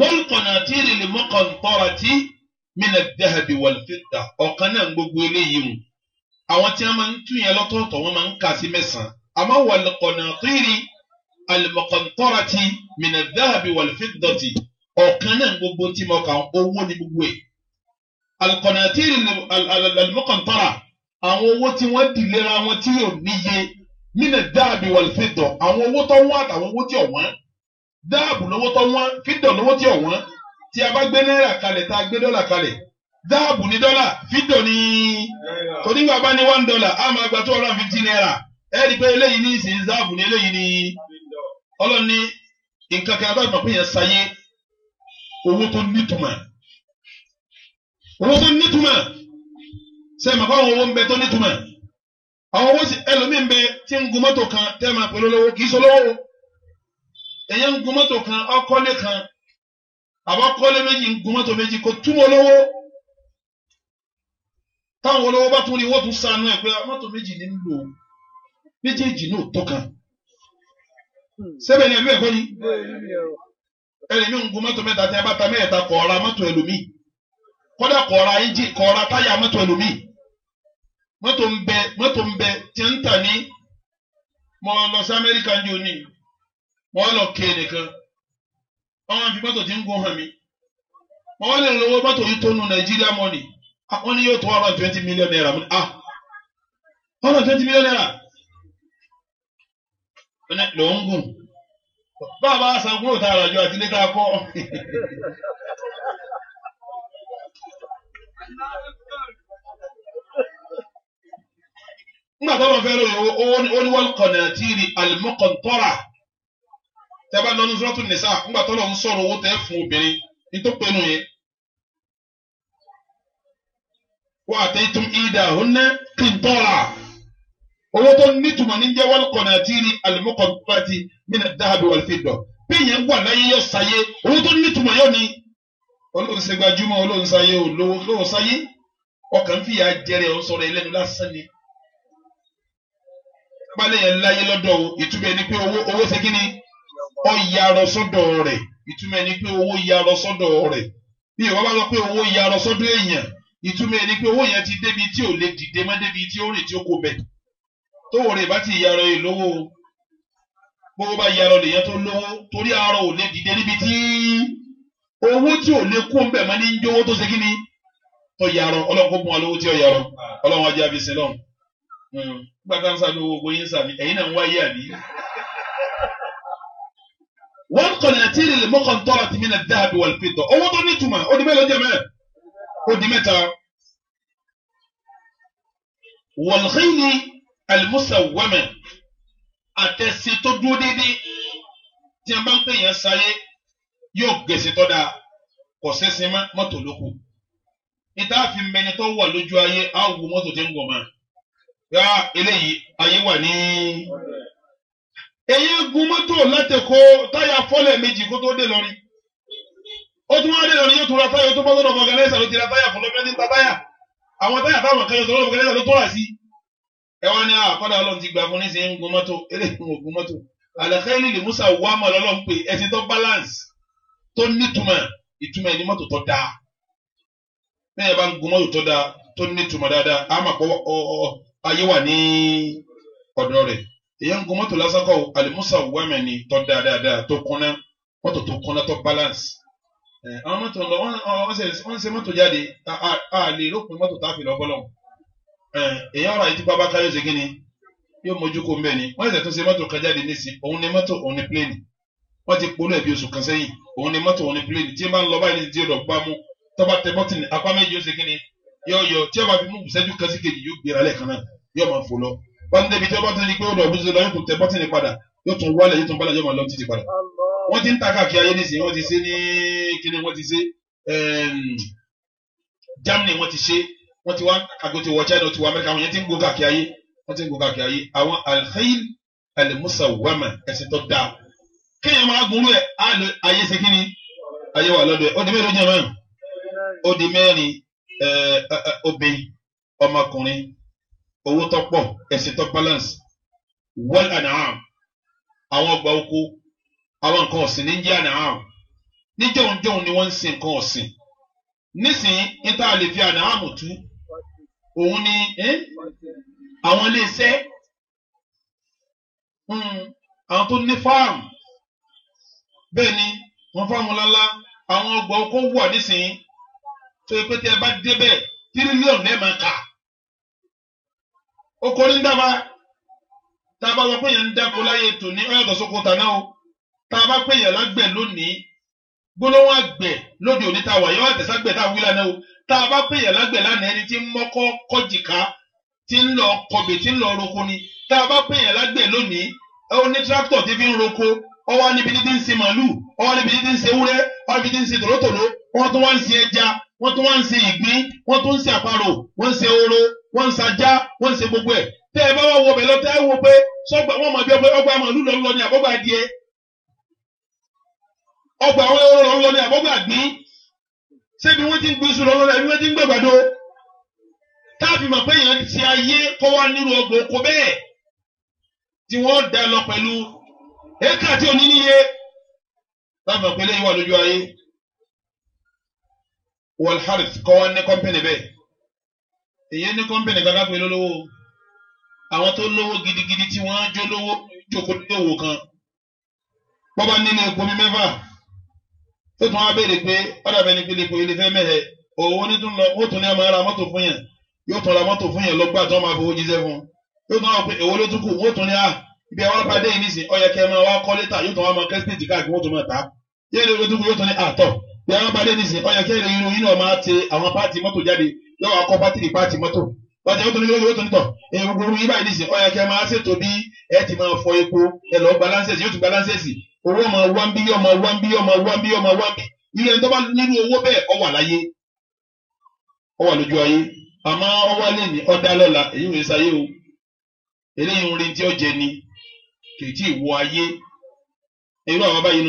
wọ́lùkọ̀nàtìrì lè mọ́kàntọ́ra tí mina dahabi wàlfẹ́ta ọ̀kan náà gbogbo eléyìí mu àwọn tí wọ́n máa ń tún yẹn lọ́tọ̀ọ̀tọ̀ wọ́n máa ń kà sí mẹ́sàn-án àmọ́ wàlùkọ̀nàtìrì alimọ̀kàntọ́ra tí mina dahabi wàlfẹ́ta tí ọ̀kan náà gbogbo tí mo kà owó ní gbogbo ẹ̀ alikọ̀nàtìrì alimọ̀kàntọ́ra àwọn owó tí wọ́n dìlera wọn tí yóò níye mina dahabi wàlfẹ́ta àwọn owó tó wọ́n àtàwọn owó tí ò wọ́n dáàbù lówó tó wọ́n fídọ̀ lówó tí ò wọ́n tí a bá gbé náírà kalẹ̀ tá a gbé dọ́là kalẹ̀ dáàbù ní dọ́là fídọ̀ ní torí ní one dollar a máa naira ẹ rí i pé eléyìí ní ìsìn dáàbù ní eléyìí ní nǹkan kan bá gbàgbé yẹn sáyé owó tó nítumọ̀ owó tó nítumọ̀ owó ń kan tẹ́ máa pẹ̀lú kì enye ń kan ọkọ́lé kan àbọ̀kọ́lé meji ń meji ko tumo kò túmọ̀ lówó táwọn olówó bá tún rí wọ́n tún sànú ẹ̀ pé mọ́tò méjì ní lò ó méjèèjì kan ni ẹ̀mí ẹ̀kọ́ ni ẹ̀rẹ̀mí ń mọ́tò mẹ́ta tí a bá ta mẹ́ta kọ̀ọ̀ra mọ́tò ẹlòmíì kọ́dà kọ̀ọ̀ra ẹ̀jì kọ̀ọ̀ra táyà mọ́tò ẹlòmíì mọ́tò ń bẹ mọ́tò ń bẹ tí wọ́n lọ ké nìkan ọmọ fi mọ́tò tí ń gun hàn mí wọ́n lè lówó mọ́tò yìí tó nu nàìjíríà mọ́nì wọ́n ní yóò tó one hundred twenty million naira mo ní ah one hundred twenty million naira ló ń gùn bàbá sanwó tá a rà jọ àti ilé tá a kọ́ nígbà táwọn fẹ́ lóye owó ni wọ́n kọ̀ náà tí ì ní alimọ́kọ̀ntọ́ra tẹ́ bá lọ́nu sọ́tún nìsa ńgbà tọ́lọ̀ ń sọ̀rọ̀ owó tẹ́ fún obìnrin nítorí pé nu yẹn. wa àtẹ̀yìntún ìdá ònà kìntọ́ra owó tó nítumọ̀ ní jẹ́ wọ́n kọ̀nà àti ní alimọ́kọ̀tàtì nínú dáhàbí wal fidda bí yẹn wà láyé yóò sáyé owó tó nítumọ̀ yóò ní olóhùn ṣe gbajúmọ̀ olóhùn sáyé olówó olóhùn sáyé ọkàn fìyà jẹrẹ ọ̀ sọ̀rọ̀ ẹlẹ́nu lásán ni balẹ̀ yẹn láyé lọ́dọ̀ ìtumọ̀ ẹni pé owó owó ṣe kí ni ó yarọ sọ́dọ̀ rẹ̀ ìtumọ̀ ẹni pé owó yarọ sọ́dọ̀ rẹ̀ bí ìwọ bá sọ pé owó yarọ sọ́dọ̀ èèyàn ẹni pé owó yẹn ti débi tí ò lè dìde mọ́ débi tí ó rìn tí ó kó bẹ̀ tówó bá ti gbogbo bá lèyàn tó lówó torí ò lè dìde níbi tí owó tí ò lè kó ń ní jówó tó ṣe kí ni tó tí ó ajá wọ́n kọ̀nà àti ìrìlẹ̀ mọ́kàntọ́ra ti mìíràn dáàbí wà lùpìtọ̀ owó tó ní ìtumọ̀ ó di mẹ́lẹ̀ ó jẹ́ mẹ́lẹ̀ ó di mẹ́ta. wọ̀lùkìnì àlùmọ́sà wẹ́mẹ̀ àtẹ̀sí tó dúró tí a bá ń pè yẹn sáyé yóò gèsè tọ́ da kò sẹ́sìn mọ́tò lóko. ìta àfi mẹni wà lójú ayé á mọ́tò tí ń wọ̀ mọ́. yá eléyìí ayé wà ní èyí gun mọ́tò látẹ̀kọ́ táyà fọ́lẹ̀ méjì kó tó dé lọ́rí ó tún wá dé lọ́rí yóò tún ra táyà ó tún bá sọ́dọ̀ fọ́gànẹ́sà ló ti ra táyà fún lọ́mọdé ta táyà àwọn táyà táwọn kan yóò sọ́dọ̀ fọ́gànẹ́sà ló tó rà sí. ẹ wá ní àkọ́dà ọlọ́run ti gbà fún nísìnyí ń gun mọ́tò eléyìí ń gun mọ́tò àlàkẹ́lì lè musa wà mọ́ lọ́lọ́ pé ẹsẹ̀ tó balance tó nítumọ̀ ìtumọ̀ ẹni mọ́tò tó dáa bẹ́ẹ̀ bá ń gun mọ́tò tó dáa tó nítumọ̀ dáadáa á mà kọ́ èyàn gun mọ́tò lásán kọ́ alimusa wẹ́mẹ̀ ni tọ́ dáadáa tó kúnná mọ́tò tó kúnná tó balance àwọn mọ́tò lọ wọ́n ṣe mọ́tò jáde a lè lópin mọ́tò tá a fi lọ bọ́lọ̀ èyàn ọ̀rọ̀ àyètí bàbá káyọ̀ ṣe kíni yóò mójú kó mbẹ́ ni wọ́n ṣẹ̀ tó ṣe mọ́tò kan jáde nísì òun ni mọ́tò òun ni pléènì wọ́n ti polú ẹ̀bí oṣù kan sẹ́yìn òun ni mọ́tò òun ni pléènì tí ẹ bá ń lọ báyìí ti rọ̀ bá mú tọ́ba wọ́n débi tí wọ́n bá tún ní pé ó dọ̀bù sí lọ yóò tún tẹ bọ́tìnì padà yóò tún wálẹ̀ yóò tún bálẹ̀ yóò máa lọ títí padà. wọ́n ti ń ta káàkiri ayé nísìnyí wọ́n ti ṣe ní kíni wọ́n ti ṣe ehm, Germany wọ́n ti ṣe wọ́n ti wá àgbo ti wọ China ti wọ Amẹ́ríkà wọ́n yẹn ti ń gbó káàkiri ayé wọ́n ti ń gbó káàkiri ayé àwọn alhail alimusawama ẹ̀sìn tó dáa kéèyàn máa gun rẹ̀ ayé ṣe kíni ayé wà lọ́dọ̀ ẹ̀ ó di mẹ́rin ó di mẹ́rin eh, eh, eh, obìnrin ọmọkùnrin owó tó pọ̀ ẹ̀sìn tó balance wal an'am àwọn ọgbà oko àwọn nǹkan ọ̀sìn ní jẹ́ an'am ní jọ̀húnjọ̀hún ni wọ́n ń sin nǹkan ọ̀sìn nísìnyí níta lè fi an'am tú òun ni àwọn iléeṣẹ́ hmm, àwọn tó ní fáàmù bẹ́ẹ̀ ni wọ́n fáàmù lọ́la àwọn ọgbà oko wà nísìnyí tó yẹ pé tí ẹ bá débẹ̀ tírílíọ̀nù ẹ̀ máa kà á oko ní dábà tá a bá sọ pé yẹn ń dáko láyé tòní ó yàtọ̀ sóko tàná o tá a bá pè yẹn lágbẹ̀ lónìí gbólóhùn àgbẹ̀ lóde òní tá a wà yọ àtẹ̀ságbẹ̀ tá a wí lánàá o tá a bá pè yẹn lánàá ẹni tí ń mọ́kọ́ kọ́jìká tí ń lọ kọbẹ̀ tí ń lọ roko ni tá a bá lónìí ó ní tractor tí fi ń roko ọwọ́ níbi tí ti ń sin màálù ọwọ́ níbi tí ń sin ewúrẹ́ ọwọ́ níbi tí ń sin tòlótòló wọ́n tún wá ń sin ẹja wọ́n tún wá ń ṣe ìgbín wọ́n tún ń ṣe àparò wọ́n ń ṣe oró wọ́n ń ṣajá wọ́n ń ṣe gbogbo ẹ̀ tẹ́ ẹ bá wà wọ bẹ̀lọ́ tẹ́ ẹ wo pé sọ́gbà wọ́n mọ̀ bí ọgbà màálù lọ lọ ní àbọ̀gbà adìẹ ọgbà àwọn ẹ̀rọ lọ lọ ní àbọ̀gbà gbín ṣé bí wọ́n ti ń gbin sùn lọ lọ wọ́n ti ń gbàgbàdo táàbì mọ̀ pé èèyàn ti ayé kọ́ wá nírú ọgbà oko bẹ́ẹ̀ tí wọ́n dá lọ pẹ̀lú éèkà tí ò ní mọ̀ pé lẹ́yìn wà lójú ayé wal harith kọ́ wá ní kọ́mpìnì bẹ́ẹ̀ èyí ní kọ́mpìnì kankan pé lólówó àwọn tó lówó gidigidi tí wọ́n á jó lówó jókòó lówó kan bọ́bá nínú epo mi mẹ́fà tó tún á béèrè pé ọ̀dà ni, pé epo ilé fẹ́ mẹ́hẹ̀ òun ní tún lọ ó tún ní a máa ra mọ́tò fún yàn yóò tún ra mọ́tò fún yàn lọ́gbà tó máa fowó jíṣẹ́ fún yóò tún wá pé èwo ló tún kù ó tún ní ah, a ibi àwọn apá dé nísìnyí ó máa wá kọ́ létà yóò tún wá máa kẹ́sìtì bí àwọn bá dé ní sìn ọyàn kẹrin irun yìí náà máa ti àwọn pààtì mọ́tò jáde yóò wá kọ́ pàtìrì pààtì mọ́tò ọjà yóò tó ní lórí yóò tó ní tọ̀ èyí gbogbo yìí báyìí ní sìn ọyàn kẹrin máa ṣètò bí ẹ ti máa fọ epo ẹ lọ gba láńsẹ̀sì yóò tún gba láńsẹ̀sì owó ọmọ wá ń bí ọmọ wá ń bí ọmọ wá ń bí ọmọ wá ń bí irú ẹni tó bá nínú owó bẹ́ẹ̀ ó wà láyé ó wà lójú ayé àmọ́ ó wá lè ní ọ̀dá lọ́la èyí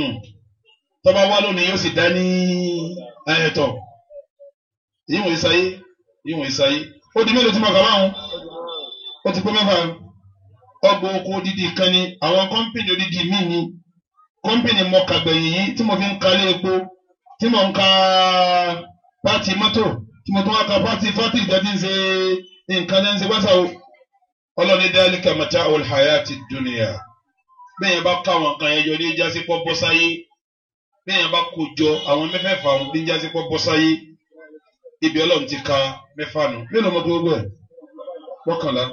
ò tọ́ba wá lónìí yóò sì dá ní ẹ̀tọ́ ìwọ̀n ìsáyé ìwọ̀n ìsáyé ó di mélòó tí mo kà báwọn ó ti pé mẹ́fà ọgbà oko odidi kan ni àwọn kọ́mpìnì odidi míì ni kọ́mpìnì mọ̀kàgbẹ̀yìn yìí tí mo fi ń kalẹ̀ epo tí mo ń ka pátì mọ́tò tí mo tún wá ka pátì pátì ìdájí ń ṣe nǹkan ẹ̀ ń ṣe wáṣà o ọlọ́ni dáálí kàmáta olùhàyà ti dùnìyà bẹ́ẹ̀ yẹn bá ká àwọn kan yẹn yọ ní ìjásí pọ́ bọ́sáyé téèyàn bá kó jọ àwọn mẹ́fẹ̀ẹ̀fà àwọn níjà sí pọ́ bọ́sáyé ibi ọlọ́run ti ka mẹ́fà nù mélòó ọmọ gbogbo ẹ̀ mọ́kànlá.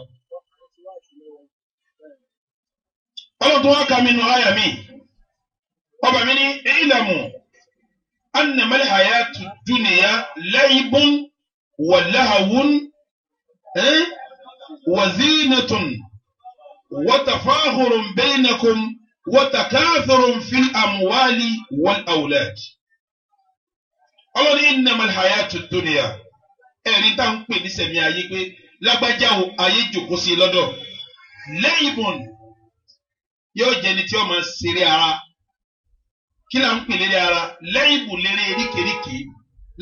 ọlọ́run tó wá ka mi nù àyà mi ọba mi ní ìlàmù annamal hayatu dunya laibun wa lahawun eh, wa zinatun wa tafahurun bainakum. وتكاثر في الأموال والأولاد ọlọ́ni innamal hayatu dunya ẹ̀rí tá à ń pè ní sẹ̀mí ayé pé lágbájá o ayé jòkó sí i lọ́dọ̀ lẹ́yìnbọn yóò jẹ́ ni tí ó máa ṣeré ara kí là ń pè léré ara lẹ́yìnbọn léré eríkèéríkè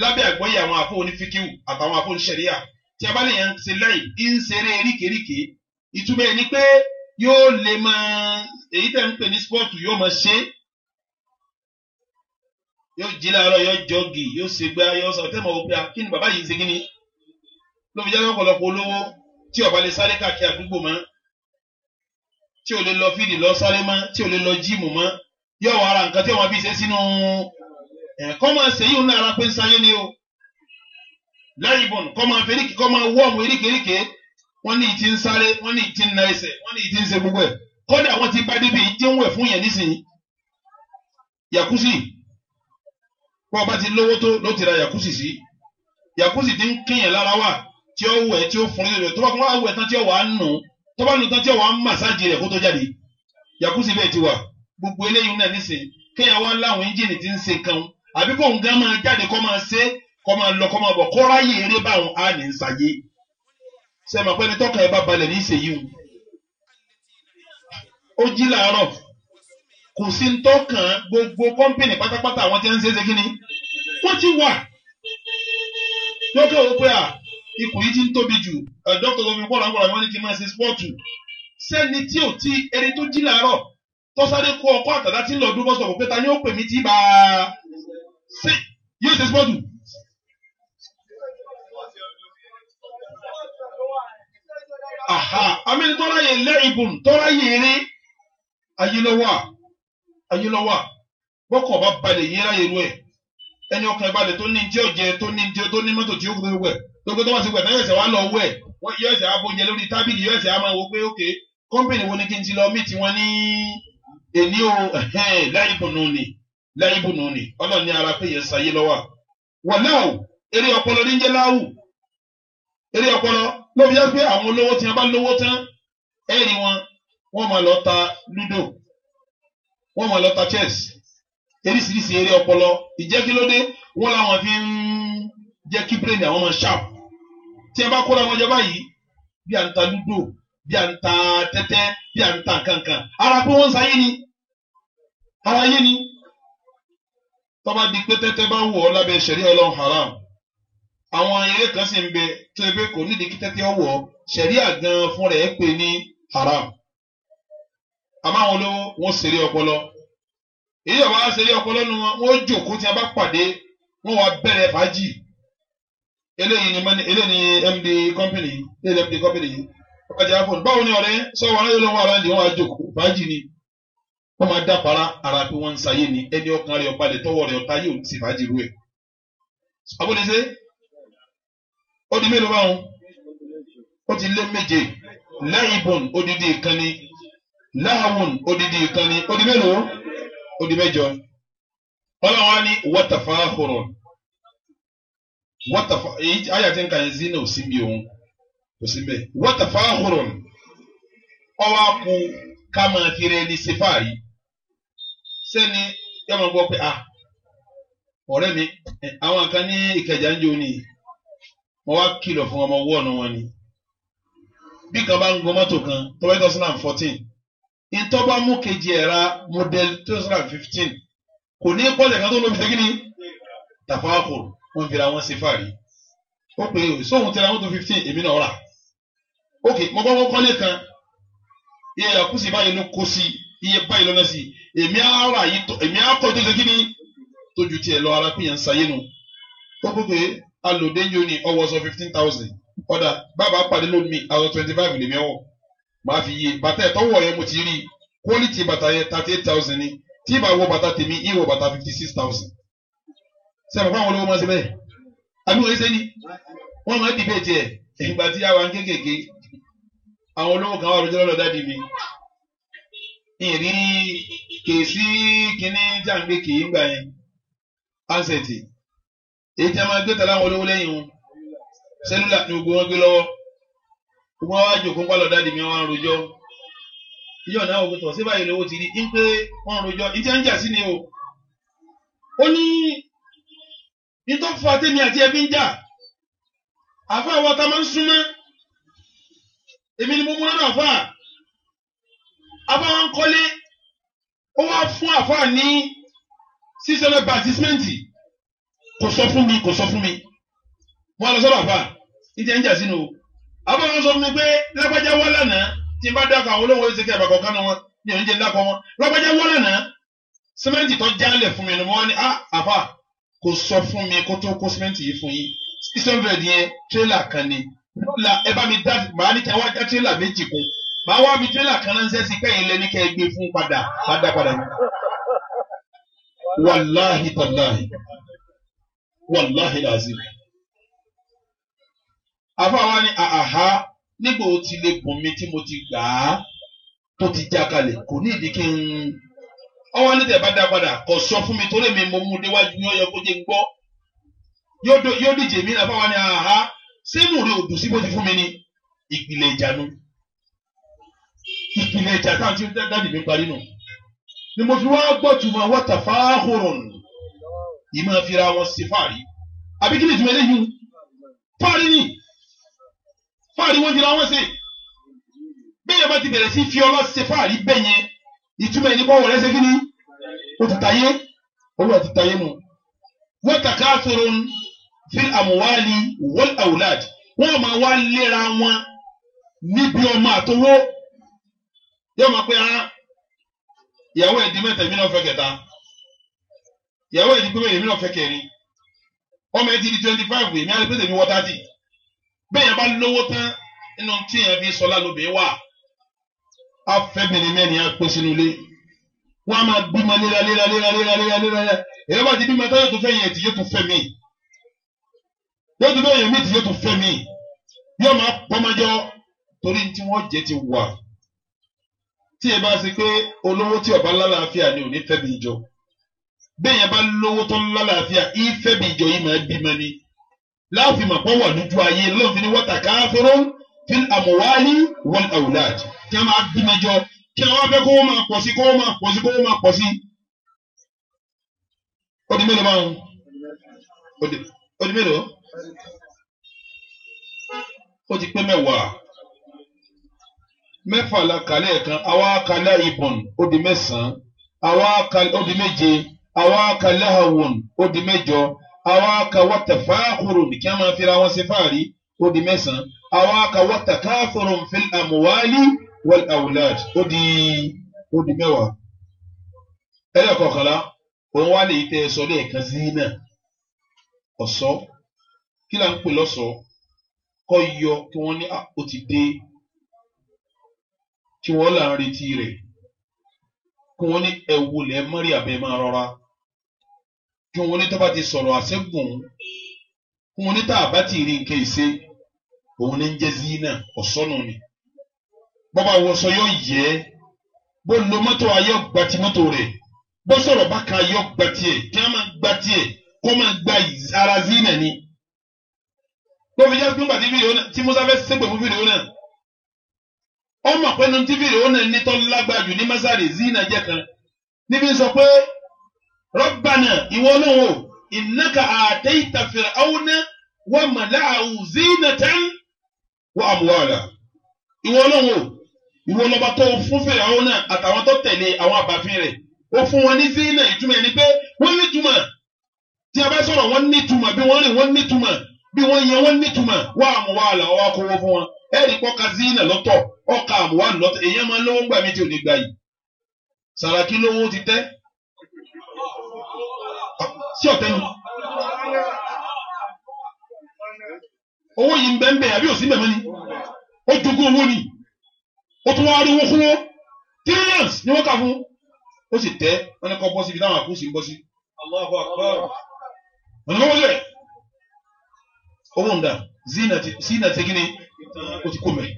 lábẹ́ àgbọ́yé àwọn àfọ onífíkíwù àtàwọn àfọ oníṣẹ̀ríà tí a bá lè yàn ń ṣe lẹ́yìn ń ṣeré eríkèéríkè ìtumọ̀ ẹ̀ ni pé yóò lè máa èyí tẹ̀ ń pè ní spọ́ọ̀tù yóò máa ṣe yóò jí láàárọ̀ yóò jọ́gì yóò ṣe gbá yóò sọ tẹ́ mọ̀ wọ́n pé ah, kí ni bàbá yìí ṣe kí ni ló fi jáde ọ̀pọ̀lọpọ̀ olówó tí ó bá lè sáré káàkiri àdúgbò mọ́ tí ò lè lọ fídì lọ sáré mọ́ tí ò lè lọ jíìmù mọ́ yóò wá ara nǹkan tí wọ́n fi ṣe sínú ẹ̀kọ́ máa ṣe yìí ó ní ara pé ń sáyé ni o láyìnbọn kọ́ máa fẹ́ríkì kọ́ máa wọ́ọ̀mù eríkèéríkèé wọ́n ní ìtì ń sáré wọ́n ní ìtì ń na ẹsẹ̀ wọ́n ní ìtì ń ṣe gbogbo ẹ̀ kódà wọ́n ti bá débi ìtì ń wẹ̀ fún yẹn nísìnyí yakusi bọ́ ọba ti lówó tó ló ti ra yakusi sí yakusi ti ń kínyẹn lára wà tí ó wẹ̀ tí ó fún yẹn tó bá kó wá wẹ̀ tán tí ó wà á nù tó nù tán tí ó wà á màsáàjì rẹ̀ kó tó jáde yakusi bẹ́ẹ̀ ti wà gbogbo eléyìí náà nísìnyí kéèyàn wá láwọn ẹ́ńjìnì ti ń ṣe kan àbí kóun gan máa jáde kó máa ṣe kó máa lọ kó máa bọ̀ kó eré báwọn á ní ń ṣayé sẹ́mi ọ̀pẹ́ni tọ́ka ẹ bá balẹ̀ ní ìṣèyí o ó jí làárọ̀ kò sí ntọ́kàn gbogbo kọ́mpìnì pátápátá àwọn tí wọ́n ń ṣe é ṣe kí ni wọ́n ti wà lókè ó pé à ikùn yìí ti ń tóbi jù dókítà tó fi kọ́ làwọn ọ̀rọ̀ wọn ní kí n máa ṣe spọ́ọ̀tù sẹ́ni tí ò ti ẹni tó jí làárọ̀ tó sáré kó ọkọ̀ àtàdá tí ń lọ dúró sọ̀rọ̀ pé ni ó pè mí tí bá a ṣe yóò ṣe spọ́ọ̀tù. àmì tọ́láyè lẹ́ìbùn tọ́láyè eré ayélọ́wà ayélọ́wà bọ́kọ̀ bá balẹ̀ yé láyé ru ẹ̀ ẹni ọkàn ìbalẹ̀ tó ní jẹ́ ọ̀jẹ̀ tó ní jẹ́ tó ní mọ́tò tí ó gbé wẹ̀ gbogbo tó bá ti wẹ̀ tán yẹ̀sẹ̀ wá lọ wẹ̀ wọ́n yẹ̀sẹ̀ abóúnjẹ lórí tábìlì yẹ̀sẹ̀ á máa wo pé ókè kọ́mpìnì wo ni kí n ti lọ mí tí wọ́n ní èní o láìbùn nù ni láìbùn nù ni ara pé yẹn sayé lọ́wọ́ náà eré ọpọlọ ní jẹ́ láwù eré ọpọlọ lóbi yá pé àwọn olówó tí wọn bá lówó tán ẹ wọn wọn máa lọ ta ludo wọn máa lọ ta chess eríṣiríṣi eré ọpọlọ ìjẹ́kílódé wọn làwọn fi ń jẹ́ kí brain àwọn máa sharp tí wọn bá kóra wọn jẹ báyìí bí à ń ta ludo bí à ń ta tẹ́tẹ́ bí à ń ta kankan ara pé wọ́n ń sayé ni ara yé ni tọ́ba di pé tẹ́tẹ́ bá ń wọ̀ ọ́ lábẹ́ ṣẹ̀rí ọlọ́run haram àwọn eré kan sì ń bẹ tó ẹ pé kò nídìí kí tẹ́tẹ́ ọwọ́ ṣẹ̀ríà gan fún rẹ̀ pè ní haram àmọ́ àwọn olówó wọn ṣeré ọpọlọ èyí ọba ṣeré ọpọlọ nu wọn wọn jòkó tí a bá pàdé wọn wá bẹ̀rẹ̀ fàájì eléyìí ni mọ́ni eléyìí ni md company eléyìí md company ọjà fún báwo ni ọ̀rẹ́ sọ wọn ayélujára wọn aláǹdì wọn àjòkó fàájì ni wọn máa dábàárà ara pé wọn ń sayé ni ẹni ọkàn rẹ̀ ọbalẹ tọwọ́ rẹ̀ ọtá yóò ti fàájì rú ẹ abúlé ṣe ó di mélòó báwọn ó ti lé méje láìbùn odidi ìkànnì láhàwùn odidi ìkànnì ó di mélòó ó di ọlọ́run á ní wọ́tàfà hùrọ̀ wọ́tàfà èyí ayé àti nǹkan ẹ̀sìn náà ò sí bí òun kò sí bẹ́ẹ̀ wọ́tàfà hùrọ̀ ọwọ́ àpò ká sẹ́ni gbọ́ pé ah ọ̀rẹ́ mi eh, àwọn kan ní ìkẹjà ń jó wọ́n wá kìlọ̀ fún ọmọ owó ọ̀nà wọn ni bí kan bá ń gun mọ́tò kan tó wáyé two thousand fourteen ìtọ́ bá mú kejì ẹ̀ ra model two fifteen kò ní pọ́lẹ̀ kan tó lóbi ṣe kí ni tàfáàkò wọ́n fi ra wọn ṣe fàárí ó pè é sóhun tẹ́ra mọ́tò fifteen èmi náà rà ok mo bá wọ́n kọ́lé kan iye àkúsì báyìí ló kó sí iye báyìí lọ́nà sí èmi á rà yìí èmi á kọ́ tó ni tójú tiẹ̀ lọ arákùnrin yẹn ń sayé nu ó pè é alòdé yóò ní ọwọ́ sọ fifteen thousand ọ̀dà bàbá pàdé lónìí mi àtọ̀ twenty five lèmi ọ̀wọ̀ màá fi yé bàtà ẹ̀ tọ́wọ́ yẹn mo ti rí quality bàtà yẹn thirty eight thousand ni tí ìbá wọ bàtà tèmi ìwọ bàtà fifty six thousand ṣe àbàbà àwọn olówó máa ṣe bẹ́ẹ̀ àbí wọ́n ṣe ni wọ́n máa dìbẹ̀ tiẹ̀ ìgbà tí àwa kéékèèké àwọn olówó kan wà lójú lọ́dọ̀ dáàdi mi ìrí kèsì kínní jàǹgbé kìí gbà yẹn ansẹ̀tì èyí tí a máa gbé tẹ̀lé àwọn olówó lẹ́yìn wọn sẹ́lúlà ni gbogbo wọn gbé lọ́wọ́ gbogbo wọn wá jòkó pálọ̀ dáàdì mi wọn rojọ́ ìjọ náà wò tó ṣé báyìí lówó ti rí i pé wọn rojọ́ ìtí ẹ̀ń jà sí ni o ó ní nítorí fún atẹ́mi àti ẹbí ń jà àfa àwọn ọ̀tá máa ń súnmọ́ èmi ni mo mú lọ́dọ̀ àfa àfa wọn kọ́lé ó wá fún àfa ní sísọlẹ̀ bàtísímẹ́ǹtì kò sọ fún mi kò sọ fún mi wọn lọ sọ́dọ̀ àfà ìdí ẹnjà sínú o àbá wọn sọ fún mi pé lágbájá wà lánàá tí n bá dákọ àwọn olówó ẹsẹ kẹfà kọkàn náà wọn ní oníjẹ dákọ wọn lágbájá wà lánàá sìmẹ́ǹtì tó jálẹ̀ fún mi ni wọ́n ní à ah, àfà kò sọ fún mi kó tó kó sìmẹ́ǹtì yìí fún yín six hundred yẹn tírélà kan ni lọ́la ẹ bá mi dá màá ní kí a wá dá tírélà méjì kù màá wá mi tírélà kan ránṣẹ́ sí kẹ́yìn lẹ́ni kẹ́ ẹ gbé fún padà padà padà wàláhì tàláhì wàláhì làzìm. àfáwa ni àhà nígbà ó ti lè bùn mi tí mo ti gbà á tó ti já kalẹ̀ kò ní ìdí kí n. ọwọ́ ní tẹ̀ bá dá padà kò sọ fún mi torí mi mo mú un déwájú ní ọyọ kó jẹ́ ń gbọ́. yóò díje mí àfáwa ni àhà sínú rẹ òdùn sí bó ti fún mi ní ìpìlẹ̀ ìjànú. ìpìlẹ̀ ìjà táwọn tí ó dá dàbí mi parí nù. ni mo fi wá gbọ́ tuma wọ́tà fáhùrùn ìmọ̀ fira wọn ṣe fáàrí àbí kí ni ìtumọ̀ eléyìí fáàrí ni fáàrí wọn fira wọn ṣe bẹ́ẹ̀ yẹn bá ti bẹ̀rẹ̀ sí fi ọlọ́ ṣe fáàrí bẹ́ẹ̀ yẹn ìtumọ̀ ẹni bọ́wọ̀ rẹ ṣe kí ni o ti tayé olúwa ti tayé mu wọ́n tàkà sọ̀rọ̀ fi àmúwálì wọ́n àwùlád wọ́n máa wá léra wọn níbi ọmọ àtọwọ́ yóò máa pé ara ah, ìyàwó ẹ̀ di fẹ́ kẹta ìyàwó ẹ̀ ti pé èmi náà fẹ́ kẹrin ọmọ ẹ̀ ti di twenty five èmi á lè mi wọ́ thirty bẹ́ẹ̀ yẹn bá lówó tán nínú tí yẹn fi sọlá lóbi wà á fẹ́ bẹ̀rẹ̀ mẹ́rin á pèsè nulẹ̀ wọ́n á máa bímọ léraléraléraléraléraléra èyí bá ti bímọ tán yóò tún fẹ́ yẹn tí yóò tún fẹ́ mi yóò tún fẹ́ yẹn mi tí yóò tún fẹ́ mi yóò máa pọ́nmọ́jọ́ torí tí wọ́n jẹ́ ti wà tí ẹ bá ṣe pé olówó tí ọba lálàáfíà ni ò ní fẹ́ mi jọ bẹ́ẹ̀yẹn bá lówó tó ń lálàáfíà ìfẹ́ bí ìjọ yìí máa bímọ ni láàfin màpọ̀ wà lójú ayé lọ́ọ̀fin ni wọ́tà káfóró fil àmúwáyé wal àwùláàjì kí wọ́n máa bímọ jọ kí wọ́n fẹ́ kó wọ́n máa pọ̀ sí kó wọ́n máa pọ̀ sí kó wọ́n máa pọ̀ sí. ó di mélòó báwọn ó di mélòó ó ti pé mẹ́wàá mẹ́fà la kàlẹ́ kan àwa kàlẹ́ ìbọn ó mẹ́sàn-án àwa kàlẹ́ ó méje àwọn akalahawun ó di mẹ́jọ àwọn akawatafahurun kí a máa fira wọn ṣe fáàrí ó di mẹ́sàn àwọn akawatakathurun fil amuwali wal awlad ó di ó di mẹ́wàá. ẹlẹ́kọ̀ọ́kànlá òun wá lè tẹ ẹ̀sọ́ lẹ́ẹ̀kan sí náà ọ̀sọ́ kí là ń pè lọ́sọ̀ọ́ kọ́ yọ kí wọ́n ní ó ti dé tí wọ́n là ń retí rẹ̀ kí wọ́n ní ẹ̀wù lẹ́ẹ̀ mọ́rí rọra kí wọn ní tó bá ti sọ̀rọ̀ àṣẹ́gun kí wọn ní tá a bá ti rí nǹkan ìṣe òun ní ń jẹ́ zina ọ̀sọ́nù ni bọ́bá wọṣọ yóò yẹ bó lo mọ́tò ayé ọgbà ti mọ́tò rẹ̀ bó sọ̀rọ̀ bá ka ayé ọgbà tiẹ̀ kí wọ́n máa gbà tiẹ̀ kó máa gba ara zina ni lóbi jẹ́ pípa tí fídíò náà tí musa fẹ́ ṣépè fún fídíò náà ọmọ pẹ́nu tí fídíò náà nítọ́ lágbájú ní masari zina jẹ́ kan níbi sọ pé rọ́bànà ìwọ lóhùn ìnáka àtẹ́yìntà fìràwọ́nà wà màláàwù zínàtàn wà àmúwàlà ìwọ lóhùn ìwọ lọ́ba tó fún fìràwọ́nà àtàwọn tó tẹ̀lé àwọn àbàfin rẹ̀ ó fún wọn ní zínà ìtumọ̀ ẹni pé wọ́n ní túmọ̀ tí a bá sọ̀rọ̀ wọ́n ní túmọ̀ bí wọ́n rìn wọ́n ní túmọ̀ bí wọ́n yẹ wọ́n ní túmọ̀ wà àmúwàlà ọwọ́ akówó fún wọn ẹ̀rí kọ́ka zínà lọ́tọ̀ ọkà àmúwàlà lọ́tọ̀ èèyàn máa lówó gbàmí tí ò ní gbà yìí sàràkí lówó ti tẹ́ sí ọ̀tẹ̀ yìí. owó yìí ń bẹ́ ń bẹ́ àbí òsín bẹ̀ mọ́ ni ó jogún owó ni ó tún wáá rówó kúrò trillions ni wọ́n kà fún ó sì tẹ́ wọn ni kò bọ́ sí ibi táwọn àkúnṣe ń bọ́ sí. ọ̀nà mọ́wọ́ sílẹ̀ owó ń dà zina ti gíní ó ti kó mẹ́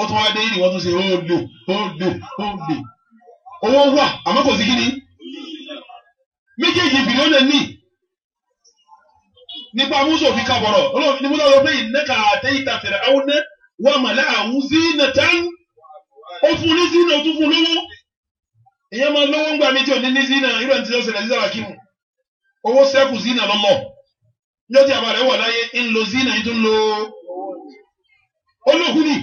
ó tún wáá dé yìí ni wọ́n tún ṣe ó lò ó lò ó lò owó wà àmọ́ kò sí gíní méjèèjì bìrì ó lè ní nípa musa òfin kàbọ̀rọ̀ ọlọ́run ní musa lọ pé ìnẹ́ka àtẹ́yìntà fẹ̀rẹ̀ àwọn náà wà màlẹ́ àwọn zina tán ó fún ní zina ó tún fún lówó èèyàn máa lówó ń gbà mí tí ò ní ní zina irú ẹni tí ó ṣẹlẹ̀ sí Sàràkí mu owó sẹ́kù zina lọ́lọ́ yóò ti àbàrẹ̀ wà láyé ń lo zina yìí tún lo olókùn ni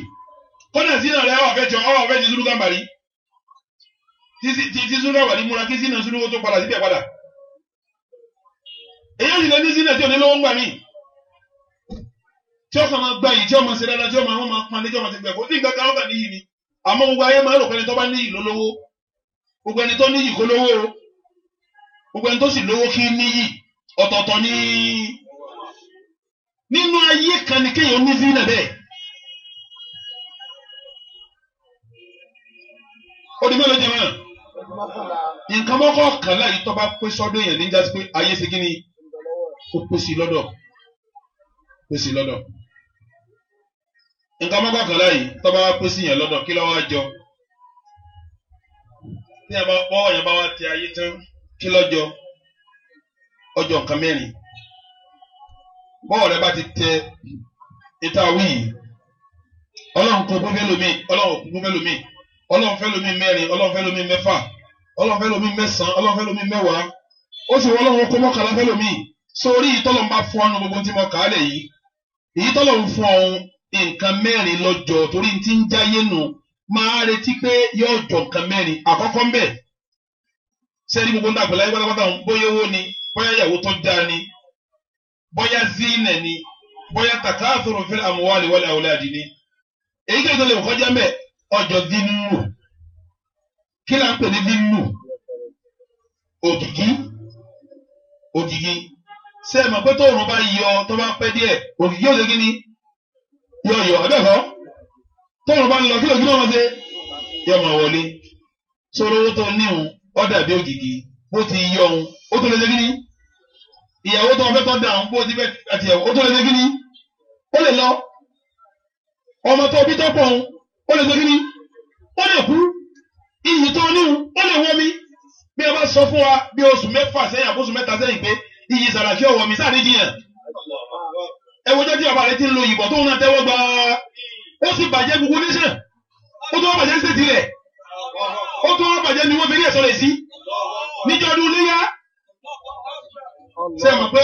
kọ́nà zina rẹ̀ wà fẹ́ ọ́ wà fẹ́ ti zulu gàmbàrí ti zulu múra kí zina zulu tó padà síbẹ̀ padà èyí ni lẹ́ni sílẹ̀ tí ò ní lọ́wọ́ ń gbà mí tí ọkàn máa gba yìí tí ọmọ ṣe dáadáa tí ọmọ àwọn máa pan ní tí ọmọ ti gbẹ̀kọ́ ní ìgbàgbọ́ àwọn níyì ni àmọ́ gbogbo ayé máa rò pé ẹni tó bá níyì ló lówó gbogbo ẹni tó níyì kó lówó gbogbo ẹni tó sì lówó kí níyì ọ̀tọ̀ọ̀tọ̀ ní nínú ayé kan ní kéèyàn ní sílẹ̀ bẹ́ẹ̀ ó di mélòó jẹ mọ́ nǹkan mọ́kọ́ kàn láyìí tó bá pé sọ́dún yẹn níjà sí pé ayé ṣe kí ni kó kó sí lọ́dọ̀ kó sí lọ́dọ̀ nǹkan mọ́kànlá yìí tọ́ba wá kó sí yẹn lọ́dọ̀ kí lọ́wọ́ jọ tí a bá wọ́ ọ̀yàn bá wá ti ayé tán kí lọ́jọ́ ọjọ́ nǹkan mẹ́rin bọ́ọ̀ rẹ bá ti tẹ ìta wíì ọlọ́run kò gbọ́fẹ́ lomi ọlọ́run kò gbọ́fẹ́ lomi ọlọ́run fẹ́ lomi mẹ́rin ọlọ́run fẹ́ lomi mẹ́fà ọlọ́run fẹ́ lomi mẹ́sàn-án ọlọ́run fẹ́ lomi mẹ́wàá ó sì wọ́n ọlọ́run kó fẹ́ lomi sórí ìtọ́lọ́mbà fún ọ́nà gbogbo tí mo kà á lẹ̀ yìí èyí tọ́lọ̀ ń fún ọ̀hún nǹkan mẹ́rin lọ́jọ́ torí ti ń jáyé nù máa retí pé yóò jọ nǹkan mẹ́rin àkọ́kọ́ ń bẹ̀ sẹ́ni gbogbo ń dàgbẹ́ láyé pátápátá òun bóyá owó ni bóyá ìyàwó tó dáa ni bóyá zina ni bóyá takathuru fil amwali wal awladi ni èyí kí ló tó lè kọjá mẹ́ ọjọ́ dínú kí là ń pè ní dínú òkìkí òkìkí ṣé ẹ mọ̀ pé tóòrùn bá yọ tó bá pẹ́ díẹ̀ òkìkí yóò ṣe kí ni yọ yọ abẹ́kọ̀ tóòrùn bá ń lọ kí lòkì náà ṣe yọ máa wọlé sọ̀rọ̀ owó tó níhun ó dàbí òkìkí bó ti yọ òun ó tó lè ṣe kí ni ìyàwó tó fẹ́ tọ́ da òun bó ti fẹ́ àti ìyàwó ó tó lè ṣe kí ni ó lè lọ ọmọ tó bí tó pọ̀ òun ó lè ṣe kí ni ó lè kú iyì tó níhun ó lè wọ́ mi bí ẹ bá sọ fún wa bí oṣù mẹ́fà sẹ́yìn àbóṣù mẹ́ta sẹ́yìn pé iyì sàràkí ọ̀wọ̀ mi sáré jiyàn ẹ wọ́jọ́ tí bàbá rẹ ti ń lo ìbọn tóun náà tẹ́wọ́ gbà ó sì bàjẹ́ gbogbo nation ó tó wọ́n bàjẹ́ state rẹ̀ ó tó wọ́n bàjẹ́ ni wọ́n fi rí ẹ̀sọ́ rẹ̀ sí níjọ́ ọdún léyà sẹ́mi pé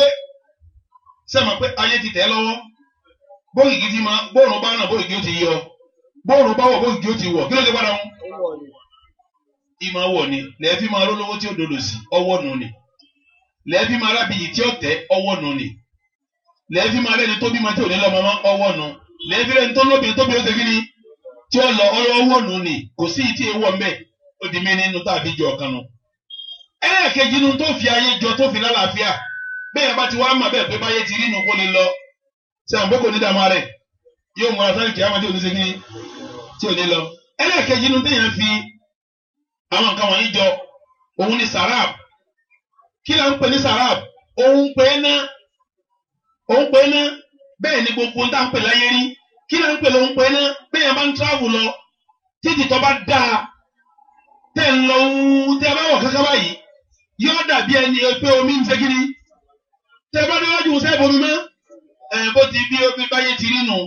sẹ́mi pé ayé ti tẹ̀ lọ́wọ́ bóyìí ti ma bóòrùn bá ràn bóyìí ti yọ bóòrùn bá wọ̀ bóyìí ti wọ̀ kí ló ti bára wọn. ìmọ̀ wọ̀ ni lẹ́ẹ̀fí máa lólówó tí ó dodo sí ọwọ́ nù ni lẹ́ẹ̀fì máa rábìyì tí ó tẹ́ ọwọ́ nù ni lẹ́ẹ̀fì máa rẹ́ni tó bímọ tí ò ní lọ́mọ mọ́ ọwọ́ nù lẹ́ẹ̀fì rẹ́ni tó lóbìnrin tó bí ó ṣe kí ni tí ó lọ ọwọ́ nù ni kò sí ìtì èèwọ̀ mbẹ́ ó di mí nínú tàbí jọ ọ̀kan nù. ẹlẹ́ẹ̀kejì inú tó fi ayé jọ tó fi lálàáfíà bẹ́ẹ̀ bá ti wá mà bẹ́ẹ̀ pé báyé ti rí inú kó lè lọ ṣe àwọn boko nídàmú rẹ̀ yóò múra sáré kìí àwọn tí ò ní ṣe kí ni tí ò ní lọ. ẹlẹ́ẹ̀kejì inú jọ òun ni sàràb kí ló ń pè ní sarab òun pè é ná òun pè é ná bẹ́ẹ̀ ni gbogbo tá à ń pè láyé rí kí ló ń pè lóun pè é ná bẹ́ẹ̀ yẹn bá ń tíráàbù lọ títí tó bá dáa tẹ̀ ń lọ wú tẹ́ bá wọ̀ kankan báyìí yóò dàbí ẹni pé omi ń segin ni tẹ́ bá níwájú sẹ́ẹ̀bù omi mọ́ ẹ̀ bó ti bí omi báyé ti rí nù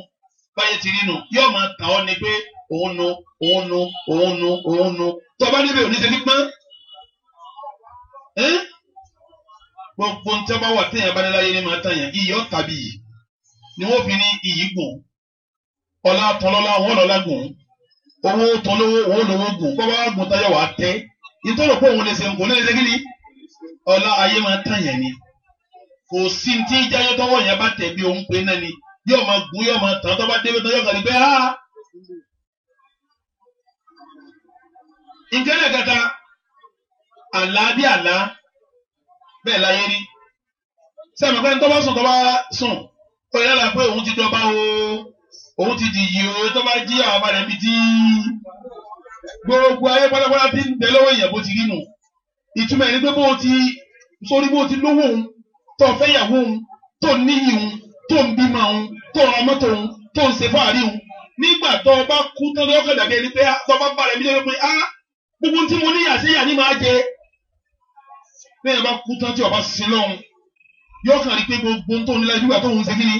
báyé ti rí nù yóò máa tà ọ́ ni pé òun nu òun nu òun nu òun nu tó bá níbi òní ṣe ní gbogbo ń tẹ́ bá wà téèyàn bá ní láyé ní máa tàyàn iyì ọ̀ tàbí yìí ni wọ́n fi ní iyì gùn ọlá tọ́lọ́lá wọ́n lọ́lá gùn owó tọ́lówó wọ́n lówó gùn bọ́bá wà gùn táyà wà tẹ́ ìtọ́lọ̀ pé òun lè ṣe nǹkan lè ṣe kí ni ọlá ayé máa tàyàn ni kò sí ti jáyé tọ́wọ́ yẹn bá tẹ̀ bí òun pé náà ni yóò máa gùn yóò máa tàn tọ́ bá débi tán yóò kàlí pé bẹ́ẹ̀ láyé rí sẹ́mi pé tó bá sùn tó bá sùn ó yẹ lára pé òun ti dọ́ba o òun ti dìyì o tó bá jí àwọn ọba rẹ̀ bí tí gbogbo ayé pátápátá ti ń tẹ lọ́wọ́ èèyàn bó ti rí nù ìtumọ̀ ẹni pé bó ti sórí bó ti lówó òun tó fẹ́ yàwó òun tó níyì òun tó ń bímọ òun tó ń ọmọ tó òun tó ń ṣe fáàrí òun nígbà tó o bá kú tó lọ́kọ̀ dàbí ẹni pé tó bá bá rẹ̀ bí ah, tó bẹ́ẹ̀ bá kú tán tí ọba sin lọ́hùn yóò kàn rí pé gbogbo tó ń lé nígbà tó ń ṣe kí ni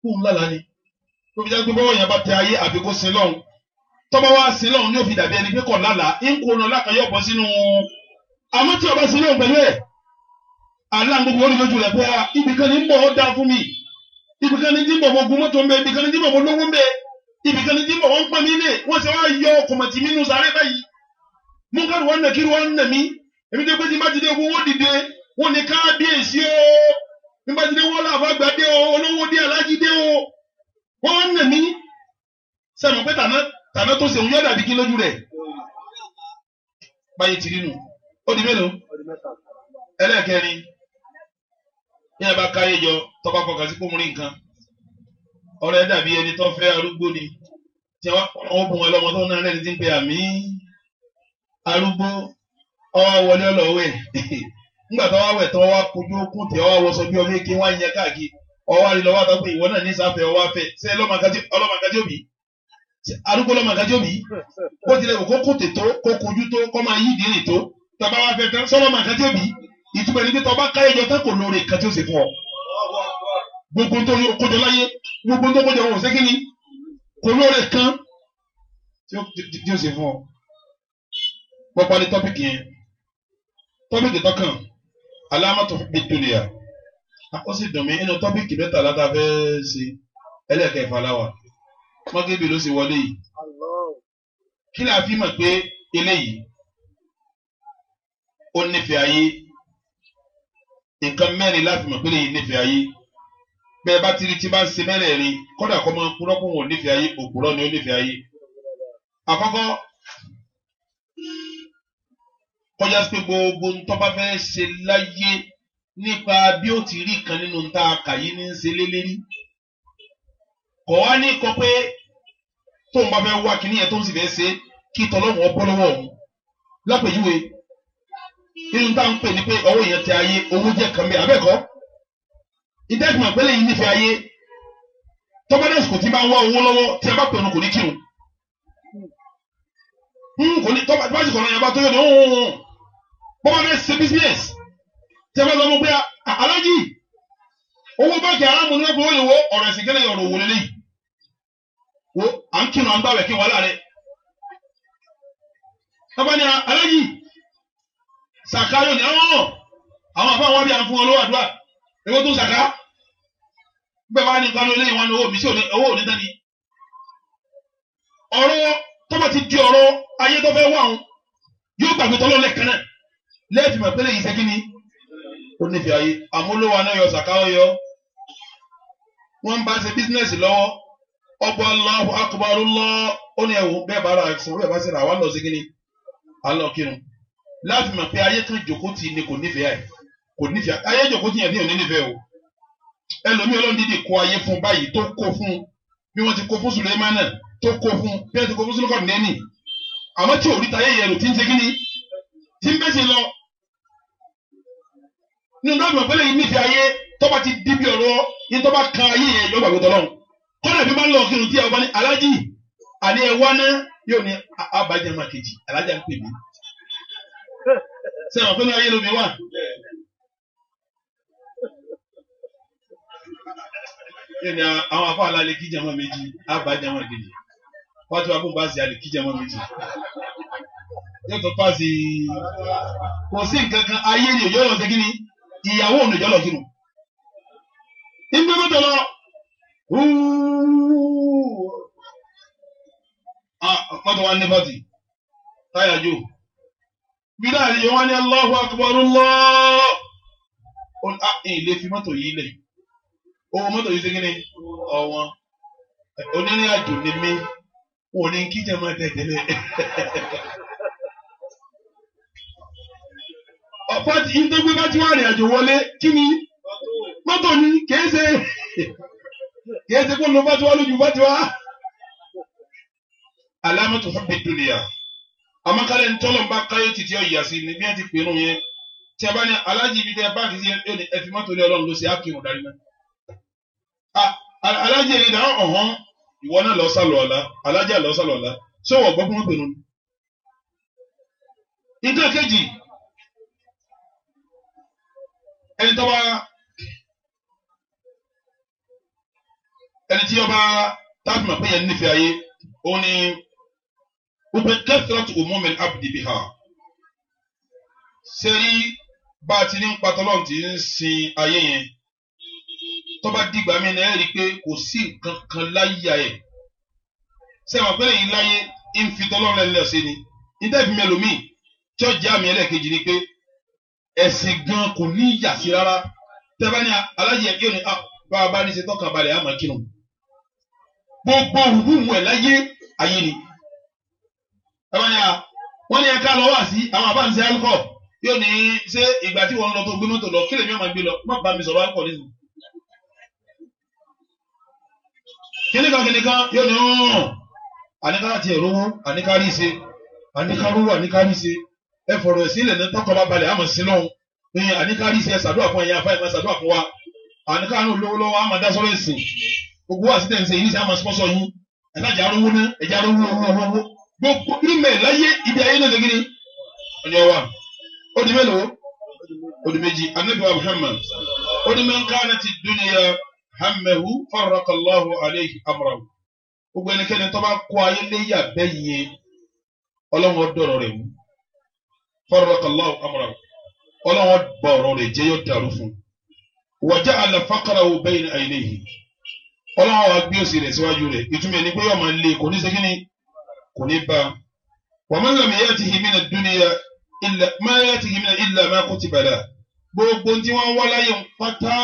kó ń lálàá ni tó fi jẹ́ pé bọ́wọ́ yẹn bá tẹ ayé àbí kó sin lọ́hùn tọ́ba wá sin lọ́hùn ni ó fi dàbí ẹni pé kọ̀ lálàá ń kó ran lákàn yóò bọ́ sínú àmọ́ tí ọba sin lọ́hùn pẹ̀lú ẹ̀ àlá gbogbo ó ní lójú rẹ̀ pé ah, ibì kan ní bọ̀ ó dáa fún mi ibì kan ní tí bọ̀ gbogbo mọ́tò ń bẹ èmi tó pé tí bá ti dé owó dìde wọ́n ní kábíyèsí o tí bá ti dé wọ́n làwọn àgbà dé o olówó dé alájí dé o wọ́n wá nà mí sẹ́nu pé tàná tàná tó ṣe òun yọ̀dà bí kí lójú rẹ̀ báyìí ti rí nù ó di mélòó ẹlẹ́ẹ̀kẹrin ní ẹ bá káyé jọ tọ́pọ̀ kọ̀ọ̀kà sí kó mú rí nǹkan ọ̀rọ̀ dàbí ẹni tó fẹ́ arúgbó ni tí wọ́n bùn ẹ lọ́mọ tó ń náà ọwọ́ wọlé ọlọ́wẹ̀ nígbà tó wá wẹ̀ tó wá kojú okùn tẹ̀ ọwọ́ wọṣọ bí ọmọ èké wá yẹn káàkiri ọwọ́ àrí lọ́wọ́ àtàkùn ìwọ náà ní sáfẹ́ ọwọ́ afẹ́ ṣé ọlọ́màkájọ́ mi arúgbó ọlọ́màkájọ́ mi bó tilẹ̀ kó kó tètò kó kojú tó kó máa yí ìdílé tó tàbá wá fẹ́ tán sọlọ́màkájọ́ mi ìtumọ̀ ní títọ́ bá káyọ̀jọ tán kò lóore kan tó ṣe fún ọ gbogbo tó tọ́bìkì tọ́kàn alámọ̀tò fi dunya ó sì dùn mí inú tọ́bìkì mẹ́ta láta fẹ́ ṣe ẹlẹ́ẹ̀kẹfà láwà mọ́gẹ́bí ló sì wọlé yìí kí la fi mọ̀ pé eléyìí ó nífẹ̀ẹ́ ayé nǹkan mẹ́rin láti mọ̀ pé eléyìí nífẹ̀ẹ́ ayé bẹ́ẹ̀ bá tiri tí bá ń ṣe mẹ́rẹ̀ẹ̀rin kódà kọ́ máa ń kúrọ́pọ̀ wọn ayé òpùrọ́ ni ó nífẹ̀ẹ́ ayé àkọ́kọ́ kọjá sí pé gbogbo ń tọ́ba fẹ́ ṣe láyé nípa bí ó ti rí kan nínú ta kàyí ní í ṣe lélẹ́rí. kọ̀ wá ní kọ pé tóun bá fẹ́ wá kíní yẹn tóun sì fẹ́ ṣe kí tọ́lọ́wọ́ bọ́ lọ́wọ́ òun lápèjúwe nínú tá à ń pè ní pé owó yẹn ti ayé owó jẹ́ kan bẹ́ẹ̀ abẹ́kọ́ ìdẹ́gbọ̀n pẹ́lẹ́ yìí nífẹ̀ẹ́ ayé tọ́mọdẹ́sì kò ti máa wá owó lọ́wọ́ tí a bá pè kò ní kírun n kò ní tọ́mọdẹ́sì kò ní yẹn bá tó yẹ ní òun òun bọ́mọ bẹ́ẹ̀ ṣe business tí a bá lọ́mọ pé alájí owó báńkì aráàmù ní ọkùnrin olè wo ọ̀rọ̀ ẹ̀sìn kẹlẹ́ ọ̀rọ̀ òwò lélẹ́yìí wo à ń kírun à ń bá wẹ̀ kí rẹ̀ tọ́ba ni alájí sàkáyọ̀ ní àwọn ọ̀nà àwọn afọ àwọn bí à ń fún ọ lọ́wọ́ àdúrà èwo tó sàká bẹ́ẹ̀ bá ní nǹkan lélẹ́yìn wọn ni owó mi sí owó òní tán ọ̀rọ̀ tọ́ba ti di ọ̀rọ̀ ayé tó fẹ́ wà ń yóò gbàgbé tọ́lọ́ lẹ́ẹ̀kan náà lẹ́ẹ̀fì mọ̀ pé lè yí ṣe kíni ó nífẹ̀ẹ́ ayé àmúlòwà náà yọ sàkáwọ́ yọ wọ́n bá ṣe bísínẹ́sì lọ́wọ́ ọgbọ́ Allahu akbar lọ́ ó ní ẹ̀wò bẹ́ẹ̀ bá ra ẹ̀sùn bẹ́ẹ̀ bá ṣe rà wà lọ sí kíni alọ́ kírun láti mọ̀ pé ayé kan jòkó tì ní kò nífẹ̀ẹ́ ayé kò nífẹ̀ẹ́ ayé jòkó tì yẹn ní òní nífẹ̀ẹ́ o ẹlòmíì ọlọ́run dídì kó ayé fún báyìí tó kó fún bí wọ́n ti kó fún Sùlẹ́mánà tó kó fún bí wọ́n ti kó fún Sùlẹ́kọ̀ọ́ nẹ́ẹ̀nì àmọ́ tí òrìta ayé yẹn lò tí ń ṣe kíni tí ń bẹ́sẹ̀ lọ ní ọdún àgbàgbọ́ lẹ́yìn nífẹ̀ẹ́ ayé tó bá ti di bí ọ̀rọ̀ ní tó bá kan ayé yẹn yóò gbàgbé tọ́lọ́run kọ́nà ìfi máa ń lọ kírun tí ẹ wá ní alájì àní ẹ wá ná yóò ní abajẹ máa kejì alájà ń pè mí sẹ́wọ̀n fún mi ayé lómi wà. yóò ní àwọn afọ àlàlẹ kíjà máa méjì abajẹ máa kejì wọ́n ti wá fún báàsì àlè kíjà máa méjì yóò tó pàṣẹ kò sí nǹkan kan ayé ni yóò lọ sí kí ni ìyàwó òun ìjọ lọ sínú. ìgbé mọ́tò lọ ah, mọ́tò wa ní fọ́tì táyà jò bí láàrin yìí wọ́n ní Allahu akbar Allah ilé ah, fi mọ́tò yìí lẹ̀ owó mọ́tò yìí segin ni ọ̀wọ́n onírìn àjò lè mí wọn ò ní kí jẹ́ máa tẹ̀tẹ̀lẹ̀. ọ̀pá tí yín tó gbé bá ti wá rìn àjò wọlé kí ni mọ́tò ni kìí ṣe kìí ṣe kó ló bá ti wá lójú bá ti wá. alámọ̀tò fún mi dùn nìyà àmọ́ kálẹ̀ ní káyọ̀ títí ọ̀yà sí ni bí wọ́n ti pè é yẹn tí a bá ní alájì ibi tẹ báàkì sí ẹni ẹfi mọ́tò ní ọlọ́run ló ṣe ákìrùn darí mẹ́. alájì ẹni dáhùn ọ̀hún ìwọ náà lọ́ọ́ sálọ ọ̀la alájì àlọ́ sálọ ọ̀la ṣé wọ́n gbọ́ fún wọn nù ẹni tó bá ẹni tí ọba tábìmọ pé yẹn nífẹ̀ẹ́ ayé òun ni wípé kẹfìrọtù òmùmẹ abdi biha sẹrí bá a ti ní patọlọ́n ti ń sin ayé yẹn tó bá dìgbà mí ni ẹ rí i pé kò sí nǹkan kan láyà ẹ sẹ́wọ̀n pé èyí láyé ń fi tọ́lọ́run lẹ́sẹ̀ ni ìdẹ́gbìmẹ̀ lómi tí ọjà mi ẹlẹ́ẹ̀kejì ni pé ẹ̀sìn gan kò ní ìyà sí rárá tẹ́bá ní alájẹ ẹgbẹ́ ah, bá a bá ní ṣe tọ́ka balẹ̀ àmọ́ kírun gbogbo rúdùmù ẹ̀ láyé ayé ni tẹ́bá ní a ah, wọ́n ní ẹ̀ka lọ́wọ́ àti àwọn àbáǹsẹ̀ alukọ̀ yóò ní ṣé ìgbà tí wọ́n lọ tó gbé mọ́tò lọ kílẹ̀ mi ò máa gbé lọ má bá mi sọ̀rọ̀ alukọ̀ nínú. kíníkan kíníkan yóò ní ọ̀rùn àníkàrà tiẹ̀ rówó àníkàrí ṣe àníkàrówó àníkàrí ṣe ẹ fọ̀rọ̀ ìsílẹ̀ náà tọkọ bá balẹ̀ àmọ̀ sí lọ́hùn ẹ̀yìn àníkárí sí ẹ ṣàdúrà fún ẹ̀yìn afáyẹ̀mọ̀ ṣàdúrà fún wa àníkárí olówó lọ́wọ́ àmọ̀ dásọ́rọ̀ ẹ̀sìn gbogbo àti tẹ̀ ń sẹ́yìn sí àmọ̀ sponsor yín ẹ̀dá ìjà arówó náà ẹ̀já arówó owó owó gbogbo email láyé ibi ayé náà lẹ́gìrì ọ̀nà wa ó di mélòó ó di méjì anabi wa muhammad ó di man kanati dunya hammahu farraqa Allahu alayhi amrahu gbogbo ẹnikẹ́ni tó bá kó ayé léyà bẹ́ẹ̀ yẹn ọlọ́run ọdọ́rọ̀ rẹ̀ wù farraqallahu amra ọlọ́wọ́n bá ọ̀rọ̀ rẹ̀ jẹ́ yóò dàrú fún wa ja'ala faqrahu bayna aynayhi ọlọ́wọ́n wa gbé òsì rẹ̀ síwájú rẹ̀ ìtumọ̀ ẹni pé yóò máa lé kò ní ṣe kíni kò ní bá wa man lam ya'tihi mina dunya illa ma ya'tihi mina illa ma kutiba lahu gbogbo tí wọ́n wá láyé pátá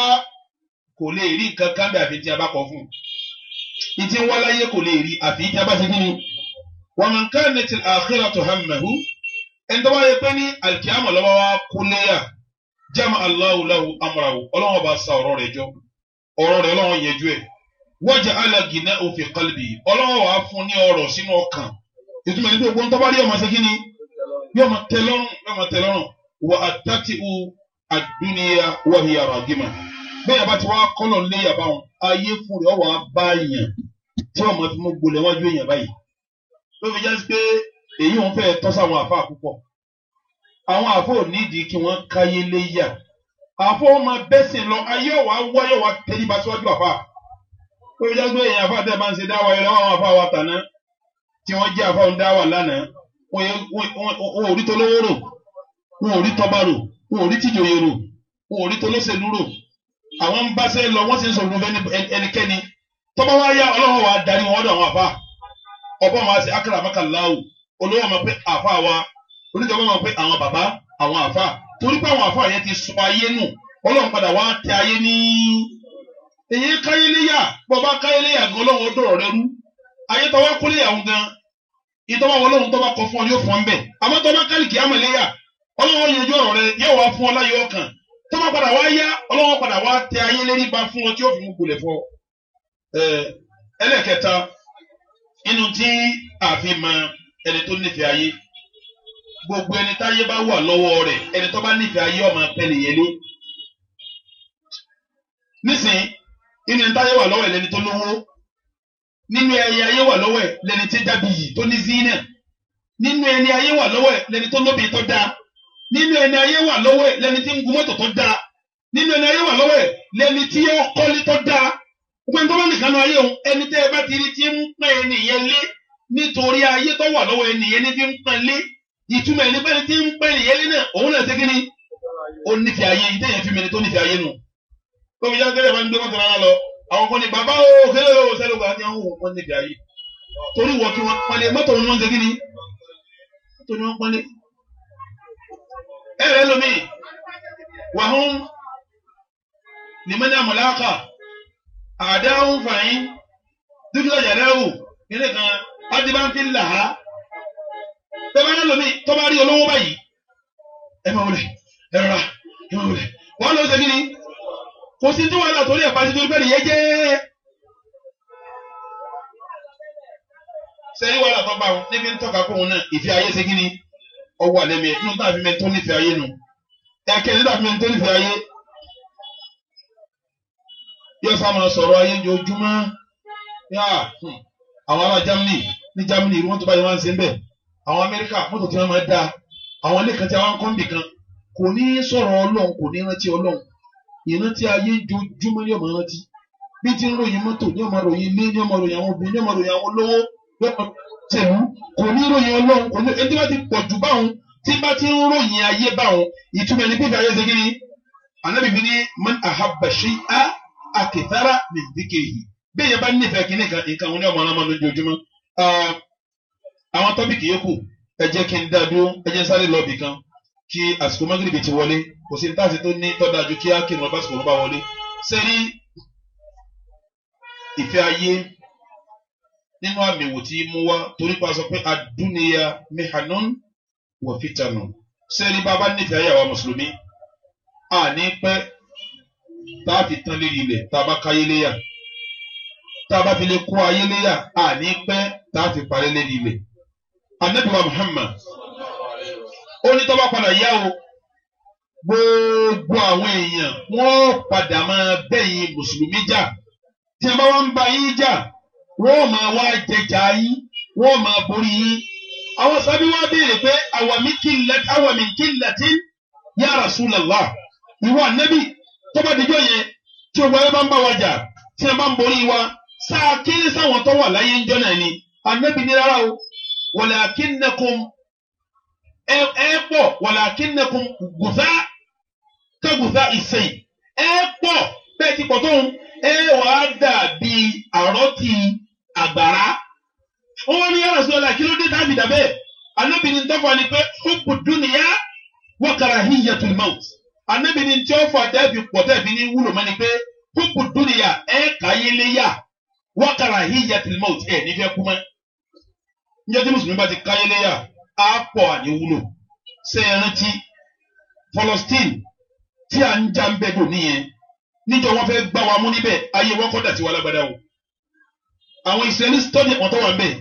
kò lè rí nǹkan kan àfi tí a bá kọ fún ìtí wọ́n láyé kò lè rí àfi tí a bá ṣe kíni wa man kanat al-akhiratu hammahu ẹni tó bá yẹ pé ní alikiyama lọ́wọ́ wa kú níyà jama Allahu lahu amrahu ọlọ́wọ́ bá sa ọ̀rọ̀ rẹ̀ jọ ọ̀rọ̀ rẹ̀ ọlọ́wọ́ yẹjú ẹ̀ wọ́jà alagina òfin kalbi ọlọ́wọ́ wa fún ní ọrọ̀ sínú ọkàn ìtumọ̀ ní gbogbo ntọ́ bá rí ọmọ segin ni yóò máa tẹ́ lọ́rùn yóò máa tẹ́ lọ́rùn wà á tàtí u àdúnyà wàhíyà ràgìmà bẹ́ẹ̀ yàrá tí wọ́n máa fi mú èyí wọn fẹ́ tọ́ sáwọn àfa púpọ̀ àwọn àfọ nídìí kí wọ́n káyé léyà àfọ ọmọ bẹ́sẹ̀ lọ ayé ọ̀wá wáyé wa tẹ́lifà síwájú àfa ó yẹ kí èyàn àfa tẹ́ bá ń ṣe dáwà yẹn lọ́wọ́ àwọn àfa wa tàná tí wọ́n jẹ́ àfa ń dáwà lánàá wọn ò rí tolówó rò wọn ò rí tọba rò wọn ò rí tìjòyè rò wọn ò rí tolóṣèlú rò àwọn ń bá sẹ́ lọ wọ́n sì ń sọ̀rọ̀ ẹnikẹ́ni tọ́ba wa yá ọlọ́run wa darí wọn ọ̀dọ̀ àwọn àfa ọ̀pọ̀ wọn á ṣe akàràmọ́kànláwò olówó máa pé àfa wa oníjọba máa pé àwọn bàbá àwọn àfa torí pé àwọn àfa yẹn ti sọ ayé nù ọlọ́run padà wá tẹ ayé ní. èyí káyé léyà bọba káyé léyà gan ọlọ́run ọdún ọ̀rẹ́ rú ayé tọ́wọ́ kólé àwọn gan ìtọ́wọ́ ọlọ́run tọ́wọ́ kọ fún ọ yóò fún ọ bẹ́ẹ̀ àmọ́ tọ́wọ́ kálíkì àmọ́ léyà ọlọ́run yanjú ọ̀rọ̀ rẹ yóò wá fún ọ láyọ̀ ọkàn tọ́wọ́ padà wá yá ọlọ́run padà wá tẹ ayé lérí ba fún ọ tí ó fi mú gbolẹ̀ fọ. ẹlẹ́kẹta inú tí àfi máa ẹni tó nífẹ̀ẹ́ ayé gbogbo ẹni táyé bá wà lọ́wọ́ rẹ̀ ẹni tó bá nífẹ̀ẹ́ ayé ọmọ pẹ́lẹ́yẹlé nísìnyí nínú ẹni táyé wà lọ́wọ́ ẹ̀ lẹni tó lówó nínú ẹni ayé wà lọ́wọ́ ẹ̀ lẹni tí jábì yìí tó ní zina nínú ẹni ayé wà lọ́wọ́ ẹ̀ lẹni tó lóbi tó dáa nínú ẹni ayé wà lọ́wọ́ ẹ̀ lẹni tí ń gun mọ́tò tó dáa nínú ẹni ayé wà lọ́wọ́ ẹ̀ lẹni tí ó kọ́lé tó dáa gbogbo ẹni tó bá nìkan náà ayé òun ẹni tẹ́ ẹ bá ti rí ti ń pẹ́ ẹni yẹn lé nítorí ayé tó wà lọ́wọ́ ẹnìyẹn ní fi ń pẹ́ lé ìtumọ̀ ẹni pẹ́ni tí ń pẹ́ ẹnìyẹn lé náà òun náà ṣe kí ni ó nífẹ̀ẹ́ ayé yìí téèyàn fi ni tó nífẹ̀ẹ́ ayé nù. tóbi jáde kẹ́lẹ́ máa ń gbé mọ́tò rárá lọ àwọn kan ní bàbá o kẹ́lẹ́ o sẹ́lẹ̀ gba ni àwọn òun nífẹ̀ẹ́ ayé torí wọ́n kí wọ́n pọ́nlé mọ́tò wọn náà ṣe kí ni mọ́tò ni wọ́n pọ́nlé. ẹ rẹ lómi wàhún nìmọ́ni àmọ̀láka àdáhùn fàyín dúkìá yàrá ò nílẹ̀ kan adébáńtì là á tẹ́mánà lómi tọ́ba rí olówó báyìí ẹ máa wọlé ẹ rọra ẹ máa wọlé wọ́n lọ sí kíni kò sí tí wàhálà tó lè pa sí torí bẹ́ẹ̀ nìyẹn jẹ́ sẹ́yìn wàhálà tó bá wọn níbi ń tọ́ka kó wọn náà ìfẹ́ ayé sí kíni ọwọ́ àlẹ́ mi nínú tá mi tó nífẹ̀ẹ́ ayé nu ẹ̀kẹ́ nínú tá mi tó nífẹ̀ẹ́ ayé yóò sá máa sọ̀rọ̀ ayé ojoojúmọ́ yá hmm, àwọn ará Germany ní Germany irú mọ́tò báyìí wọ́n ń ṣe ń bẹ̀ àwọn Amẹ́ríkà mọ́tò tí wọ́n máa da àwọn ilé kan tí wọ́n kọ́ nìkan kò ní sọ̀rọ̀ Ọlọ́run kò ní rántí Ọlọ́run ìrántí ayé jojúmọ́ ní ọmọ rántí bí ti ń ròyìn mọ́tò ní ọmọ ròyìn ilé ní ọmọ ròyìn àwọn obìnrin ní ọmọ ròyìn àwọn olówó lọ́pọ̀ tẹ̀lú kò ní ròyìn Ọlọ́run kò ní ẹni bá ti pọ̀ jù báwọn tí bá ti ń ròyìn ayé báwọn ìtumọ̀ ní pípa ayé ṣe kí ni Ànábì bi ni man ahabba shay'a akthara min dhikrihi bẹ́ẹ̀ yẹn bá nífẹ̀ẹ́ kí nìkan nǹkan òun ní ọmọ ọlọ́mọ lójoojúmọ́ Um, àwọn tọ́pìkì yòókù ẹ jẹ́ kí n dá dúró ẹ jẹ́ sáré lọ bì kan kí àsìkò mọ́gìrìbì ti wọlé kò sí táàsì tó ní tọ́da ju kí á kí ìrànlọ́ba àsìkò ìrànlọ́ba wọlé sẹ́rí ìfẹ́ ayé nínú àmì wò tí mú wá torí pa sọ pé adúniya mihanun wà fitanun sẹ́rí bàbá nífẹ̀ẹ́ ayé àwa mùsùlùmí àní pẹ́ tá a fi tán lérí ilẹ̀ tá a bá káyé léyà tá a bá fi lè kó ayé léyà àní pẹ́ láti parí lérí rẹ̀ anabiwa Muhammad ó ní tọ́ba padà yá o gbogbo àwọn èèyàn wọ́n padà máa bẹ̀yìn mùsùlùmí jà tí a bá wá ń ba yín jà wọ́n máa wá jẹjà yín wọ́n máa borí yín àwọn sábí wá béèrè pé àwàmí kí n lati ya Rasulullah ìwọ ànábì tọ́ba dìjọ́ yẹn tí o gbọ́ ẹ bá ń bá wa jà tí a bá ń borí wa sáà kéré sáwọn tó wà láyé ń jọ́ náà ni anabi ní rárá o walakinnakum ẹ ẹ pọ̀ walakinnakum gùzá kẹgùzá ìsẹyìn ẹ pọ̀ bẹ́ẹ̀ ti pọ̀ tó ń ẹ wàá dàbí àrọ́tì àgbàrá wọ́n ní yàrá sọ́la kí ló dé tábì dàbẹ́ anabi ní tọ́fà ni pé hubbu dunya wa karahiyatul maut anabi ní tí ó fà dàbí pọ̀ dàbí ní wúlò mọ́ ni pé hubbu dunya ẹ kàyé léyà wa karahiyatul maut ẹ nífẹ̀ẹ́ kú níjẹ́ tí mùsùlùmí bá ti káyé léyà á pọ̀ àníwúlò ṣe é rántí Palestine tí à ń já ń bẹ dò nìyẹn níjọ wọn fẹ́ gbá wa mú níbẹ̀ ayé wọn kọ́ dà sí wa lágbádá o àwọn Israeli study àwọn tó wà ń bẹ̀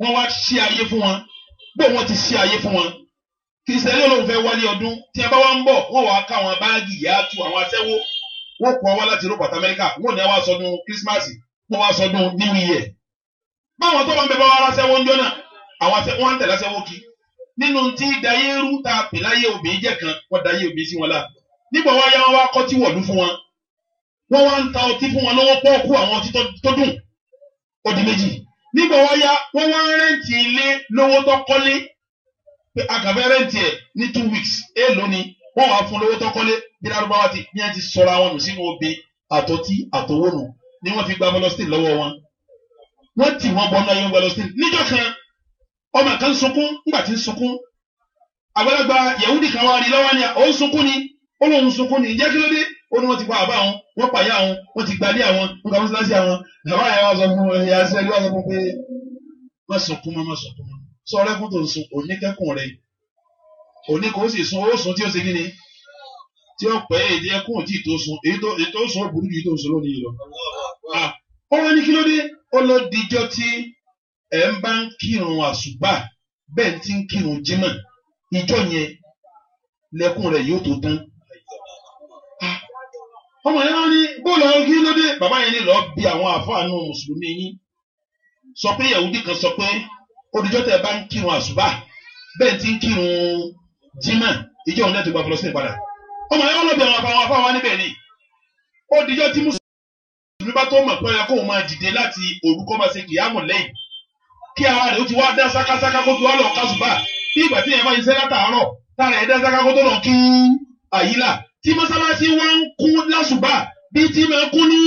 wọ́n wá ṣí ayé fún wọn bó wọ́n ti ṣí ayé fún wọn kìrìsìtẹ́nì olóhùn fẹ́ wálé ọdún tí a bá wá ń bọ̀ wọ́n wàá ká àwọn báàgì ìyá tu àwọn aṣẹ́wó wọ́n kọ́ wá láti Europe àti Amẹ́ríkà wọ́n ní wá sọdún kírísímàsì wọ́n wá sọdún New Year báwọn tó lọ ń bẹ bá wa aláṣẹwó ń jọ́nà àwọn aṣẹwó ń tẹ̀lé aṣẹwó kí nínú tí dayé rú ta pèláyé òbí jẹ́ kan wọ́n dayé òbí sí wọn la nígbà wá yá wọn wá kọ́ tí wọ̀lú fún wọn wọ́n wá ń ta ọtí fún wọn lọ́wọ́ pọ́ọ̀kú àwọn ọtí tó dùn ó méjì nígbà wá yá wọ́n wá ń ilé lówó tó kọ́lé pé àgàfẹ́ ní two weeks èèlò ni wọ́n wá fún lówó tó kọ́lé bí lárúbáwá ti bí wọ́n ti sọra wọn nù sínú obì àtọ́tí àtọwọ́nù ni wọ́n fi gba fọlọ́sítì lọ́wọ́ wọn wọ́n tì wọ́n bọ́ náà yẹn wẹ́lọ́ sí níjọ́ kan ọmọ kan sunkún ńgbà tí ń sunkún àgbàlagbà yahudi kan wá rí lọ́wọ́ ni ó ń sunkún ni ó lóun sunkún ni ìjẹ́ kí ló dé ó ní wọ́n ti pa àbá àwọn wọ́n pààyà àwọn wọ́n ti gbalé àwọn wọ́n kà wọ́n síláṣí àwọn bàbá yẹn wá sọ fún wọn ìyá sẹ́lẹ̀ wá sọ fún pé má sunkún má má sunkún má sọ ọlẹ́kùn tó ń sun oníkẹ́kùn rẹ̀ oníkó sì sun ó sun tí ó ṣe kí ni tí ó pẹ́ èdè ẹkùn tí ì tó sun èyí tó sun ó burú ju èyí tó sun lónìí lọ. ọ̀rọ̀ ah, ni kí ló dé ó ló dijọ́ tí ẹ̀ ń bá ń kírun àṣùbà bẹ́ẹ̀ ti ń kírun jímọ̀ ìjọ yẹn lẹ́kùn rẹ̀ yóò tó tán. ọmọ yẹn wá ní bóòlù àwọn kí ló dé bàbá yẹn ní lọ́ọ́ bí àwọn àfọ̀hánú mùsùlùmí yín sọ pé yahudi kan sọ pé odijọ́ tẹ̀ bá ń kírun àṣùbà bẹ́ẹ̀ ti ń kírun jímọ̀ ìjọ òun ti gba fọlọ́sìn padà ọmọ yẹn wá lọ́ọ́ bí àwọn àfọ̀hánú níbẹ̀ ni odijọ́ tí mùsùlùmí tó mọ̀ pé ọ̀yà kóun máa dìde láti òru kó máa ṣe kìyàmù lẹ́yìn kí ara rẹ̀ ó ti wá dá sákásáká kó fi wá lọ kásùbà bí ìgbà tí èèyàn bá ṣiṣẹ́ látàárọ̀ tára ẹ̀ dá sákákó tó lọ tú àyílà tí mọ́sálásí wá ń kú lásùbà bí tí máa kú ní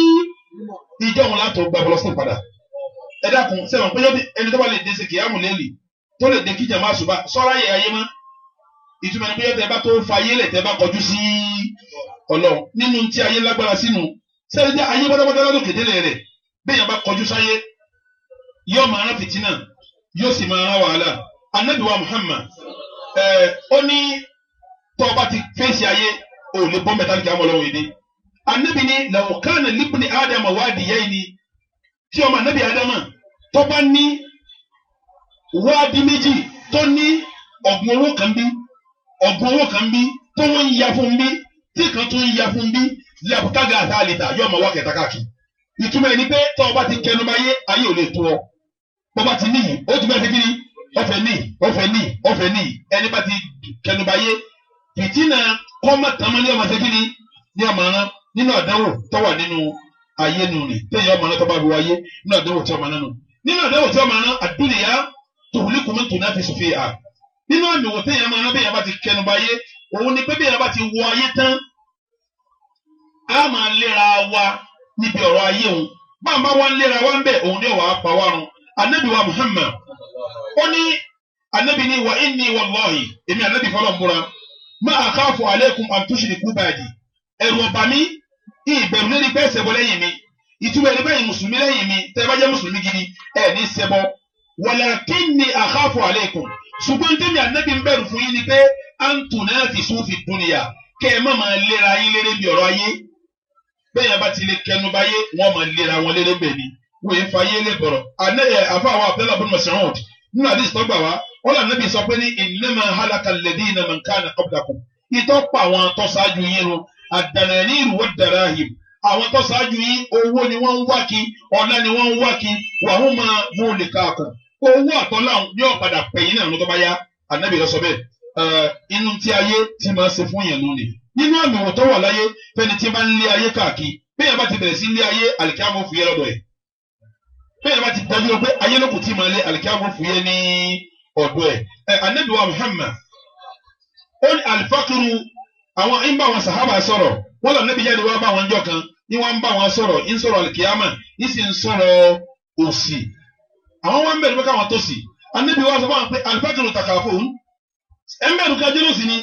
ìjọ wọn látọ̀ gba bọ́lọ́sìn padà ẹ dákun sẹ́wọ̀n pé ẹni tó bá lè dé ṣe kìyàmù lẹ́lì tó lè dé kíjà máa sọ́ra yẹ ayé mọ́ ìtumọ̀ ni pé yọtẹ bá tó fa ayé lẹ̀ tẹ́ bá kọjú sí Ọlọ́run nínú tí ayé lágbára sínú sẹ́yìn jẹ́ ayé wọ́dọ́wọ́dọ́ lọ́dún kèdélé rẹ̀ bẹ́ẹ̀ yẹn bá kọjú sáyé yóò máa rán fìtínà yóò sì máa rán wàhálà anabiwa Muhammad ẹ ó ní tọ́ba ti fèsì ayé ò lè bọ́ mẹ́ta ní kíámọ́ lọ́wọ́ yìí dé anabi ni làwọn kánà libni Adama wádìí yẹ́yìn ni tí ọmọ anabi Adama tọ́ba ní wáàdí méjì tó ní ọ̀gbun owó kan bí ọ̀gbun owó kan bí tó wọ́n ń ya fún bí tí kan tó ń ya fún bí lẹ́bùtágà àtà àlìtà yóò máa wá kẹta káàkiri ìtumọ̀ ẹni pé tọ́ ọba ti kẹnu máa yé ayé ò lè tó ọ bọ́ba ti níyì ó tún bẹ́ẹ̀ ṣe kíni ọ̀fẹ́ níyì ọ̀fẹ́ níyì ọ̀fẹ́ níyì ẹni bá ti kẹnu máa yé fìtínà kọ́mọ tàmá ní ọmọ ṣe kíni ní ọmọ rán nínú àdánwò tó wà nínú ayé nù rè téèyàn ọmọ rán tó bá bu ayé nínú àdánwò tí ọmọ rán nínú àdánwò tí ọmọ rán àdúnyà tòhùnìkùnmí tòhùnàfíìsì fi hà nínú àmì wò téèyàn máa rán ni pé bẹ́ẹ̀ yẹn a máa léra wa níbi ọ̀rọ̀ ayé òun máa bá wa ń léra wa ń bẹ̀ òun ní ọ̀wà apá wa run anabi wa Muhammad ó ní anabi ni wa inni wallahi èmi anabi fọlọ́ múra má a káfọ aleikum antushriku báyìí ẹ̀rù ọ̀bà mi ìbẹ̀rù lórí bẹ́ẹ̀ ṣẹbọ lẹ́yìn mi ìtumọ̀ ẹni báyìí mùsùlùmí lẹ́yìn mi tẹ́ ẹ bá jẹ́ mùsùlùmí gidi ẹ̀ ní a walakinni akhafu aleikum ṣùgbọ́n tẹ́mi ànábì ń bẹ̀rù fún yín ni pé antunafisu fi dunya kẹ́ ẹ má máa léra yín léré bí ọ̀rọ̀ ayé bẹ́ẹ̀ bá ti lè kẹnu báyé wọ́n máa lera wọn léré bẹ́ẹ̀ ni wọ́n yẹn fàyè lè bọ̀rọ̀ ànáyẹ àfàwọ̀ abdullahi bin masoud nínú àdìs tó gbà wá wọn làwọn níbi sọ pé ní innama halaka alladhina man kana qablakum ìtọ́ pa àwọn tó ṣáájú yín run ad-dananir wad-darahim àwọn tó ṣáájú yín owó ni wọ́n ń wá kí ọ̀nà ni wọ́n ń wá kí wàhùn máa mú un lè káàkùn owó àtọ́lá yóò padà pẹ̀yìn náà lọ́tọ́ bá yá ànábì lọ sọ bẹ́ẹ̀ inú tí ayé ti máa ṣe fún yẹn nù nínú àmọ̀ràn tó wà láyé fẹ́ni tí bá ń lé ayé káàkiri bẹ́ẹ̀ bá ti bẹ̀rẹ̀ sí lé ayé àlìkámọ́ fúyẹ́ lọ́dọ̀ ẹ̀ bẹ́ẹ̀ bá ti dájú lọ pé ayé lókun tí máa lé àlìkámọ́ fúyẹ́ ní ọ̀dọ̀ ẹ̀ ẹ̀ anabiwa Muhammad ó ní alifakiru àwọn ń bá wọn sàhábà sọ̀rọ̀ wọ́n lọ níbi yára wọ́n bá wọn jọ kan ní wọ́n ń bá wọn sọ̀rọ̀ ń sọ̀rọ̀ alikiyama ń sì ń sọ̀rọ̀ òsì àwọn wọn bẹ̀rù pé káwọn tó sì anabiwa sọ fún wọn pé alifakiru takafo ń bẹ̀rù kájọ́ lọ́sìn ni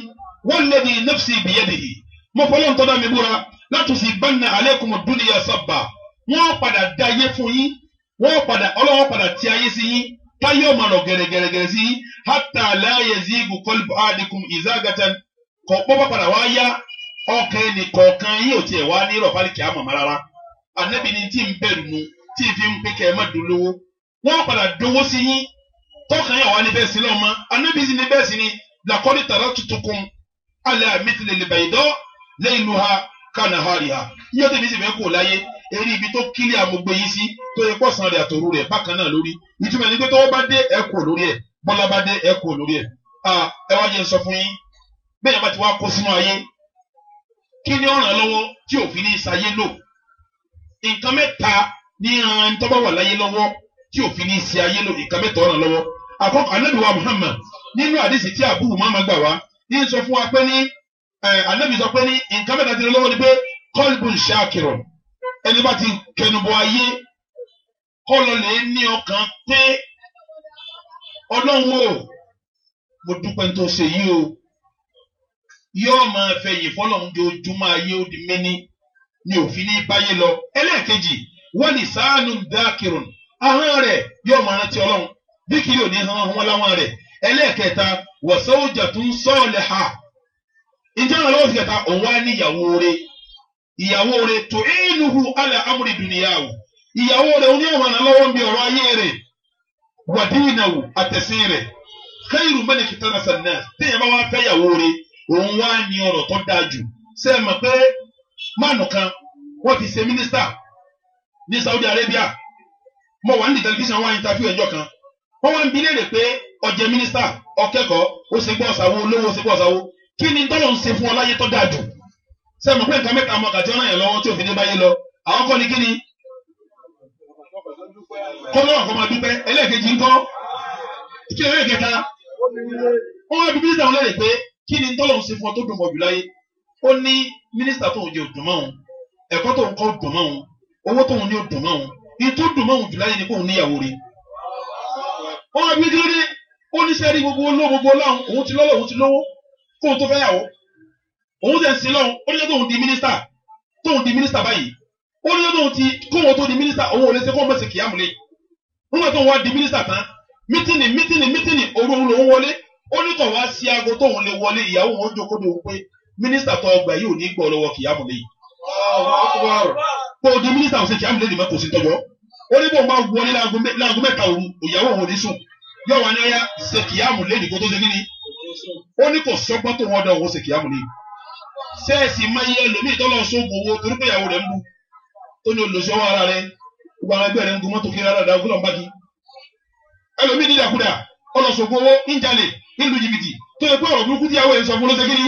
walladhi nafsi biyadihi mo fọlọ́ ń tọ́da mi búra latusibanna alaykum ad-dunya sabba wọ́n padà da ayé fún yín wọ́n padà ọlọ́wọ́ padà ti ayé sí yín táyé ọmọ lọ gẹ̀rẹ́gẹ̀rẹ́gẹ̀rẹ́ sí yín hatta la yazigu qalbu ahadikum izagatan kọ̀ pọ́pọ́ padà wá yá ọkàn ẹnì kọ̀ọ̀kan yín ò tiẹ̀ wá ní rọ̀fálì kìá mọ̀mọ́ rárá ànábì ni tí ń bẹ̀rù mu tí ì fi ń pé kẹ́ ẹ má dolówó wọ́n padà dowó sí yín tọ́kàn yà wá ní bẹ́ẹ̀ sí lọ́mọ ànábì sì ní bẹ́ẹ̀ sí ni làkọ́ni tàrà tuntun kun ala mitile libaidọ lẹ́yìnú ha kánà hari ha iye tèmi sì fẹ́ kó láyé eré ibi tó kílí amúgbé yìí sí tó yẹ pọ̀sán rẹ̀ àtòrú rẹ̀ bákan náà lórí ìtumọ̀ ní pé tọ́wọ́ bá dé ẹ̀kọ́ lórí ẹ̀ bọ́lá bá dé ẹ̀kọ́ lórí ẹ̀ ẹ wá jẹ́ n sọ fún yín bẹ́ẹ̀ yẹn bá ti wá kó sínú ayé kí ni ó ràn lọ́wọ́ tí òfin ní sayé lò nǹkan mẹ́ta ní ìran tọ́ba wà láyé lọ́wọ́ tí òfin ní sayé lò nǹkan mẹ́ta ó lọ́wọ́ àkọ́kọ́ anábìwá Muhammad nínú àdìsí tí àbúrò máa ma gbà wá ní sọ fún wa pé ní anabi sọ pé ní nǹkan mẹ́ta ti lọ́wọ́ ni pé kọ́lbùn ṣáàkìrọ̀ ẹni bá ti kẹnubọ ayé kọ́lọ̀ lè ní ọkàn pé ọlọ́run o mo dúpẹ́ tó ṣe yìí o yóò máa fẹ́ yìí fọlọ́run dojúmọ́ ayé ó di mẹ́ni ni òfin ní báyé lọ ẹlẹ́ẹ̀kejì wọ́n ní sáánù dákìrùn ahọ́n rẹ̀ yóò máa rántí ọlọ́run bí kìí ò ní hàn wọ́n láwọn rẹ̀ ẹlẹ́ẹ̀kẹta wọ̀sọ́wọ́jà tún sọ́ọ̀lẹ̀ ha ìjọ àwọn ọlọ́wọ́ ìkẹta òun wá ní ìyàwó rẹ̀ ìyàwó rẹ̀ tó ìlúhu alẹ́ amúri dùnìyàwó ìyàwó rẹ̀ oní ọ̀ràn lọ́wọ́ ń bí ọ̀rọ̀ ayé rẹ̀ wàdíìnàwó àtẹ̀sìn rẹ̀ kẹ́yìrú mẹ́ni kìtà náà sànà téèyàn bá wá fẹ́ ìyàwó rẹ̀ òun wá ní ọ̀rọ̀ tó kan wọ́n ti ṣe mínísítà ní Arabia wà ní tẹlifíṣàn wọn ẹjọ́ kan wọ́n wá ń pé ọjẹ mínísítà ọkẹ́kọ̀ọ́ ó ṣe gbọ́ ọ̀sàwó olówó ó ṣe gbọ́ ọ̀sàwó kí ni tọ́lọ̀ ń ṣe fún ọ láyé tó dáa jù sẹ́mi pé nǹkan mẹ́ta ọmọkà tí wọ́n náà yàn lọ́wọ́ tí òfin ní báyé lọ àwọn kọ́ ni kí ni kọ́mọ́ ọ̀kọ́ máa dúpẹ́ ẹlẹ́ẹ̀kejì ń kọ́ kí lóye kẹta wọ́n wá bí mínísítà wọn lẹ́yìn pé kí ni tọ́lọ̀ ń ṣe fún ọ tó dùn mọ́ jù láyé ó ní mínísítà tó ń jẹ òdùn mọ́ òun ẹ̀kọ́ tó ń kọ́ òdùn mọ́ òun owó tó ń ní òdùn mọ́ òun ìtò òdùn mọ́ jù láyé ni kóun níyàwó rẹ̀ wọ́n wá bí mínísítà ó ní sẹ́rí gbogbo ló gbogbo lọ́hùn òun ti lọ́lọ́ òun ti lówó fóun tó fẹ́yàwó òun sì ń sin lọ́hùn ó ní sọ tóun di mínísítà tóun di mínísítà báyìí ó ní sọ tóun ti kóun tó di mínísítà òun ò lè ṣe kóun bẹ̀sẹ̀ kìyàmù lé nígbà tóun wá di mínísítà tán mítìnì mítìnì mítìnì òru òun lòún wọlé ó ní kàn wá sí aago tóun lè wọlé ìyàwó òun jókòó ní òun pé mínísítà tó ọgbà yìí ò ní gbọ́ lọ́wọ́ kìyàmù lé di mínísítà òsè kìyàmù lé nìmọ́ kò sí tọ́jọ́ ó ní bóun bá wọlé láago yóò wá ní ọyá ṣe kìyàmù lé nìkó tó ṣe kíni ó ní kò sọgbọ́n tó wọ́n dán owó ṣe kìyàmù lé sẹ́ẹ̀sì máa yẹ lómi ìtọ́lọ̀ sóògùn owó torí pé ìyàwó rẹ̀ ń bu tó ní olùsọ́wọ́ ara rẹ̀ gbogbo àwọn ẹgbẹ́ rẹ̀ ń gun mọ́tò kí rárá dáa gúlọ̀ bági ẹlòmíì dídàkudà ọlọ́sọ̀gbọ̀ owó ń jalè nílùú jìbìtì tó yẹ pé ọ̀rọ̀ burúkú tíyàwó ẹ̀ ń sọ fún lọ́sẹ̀ kíni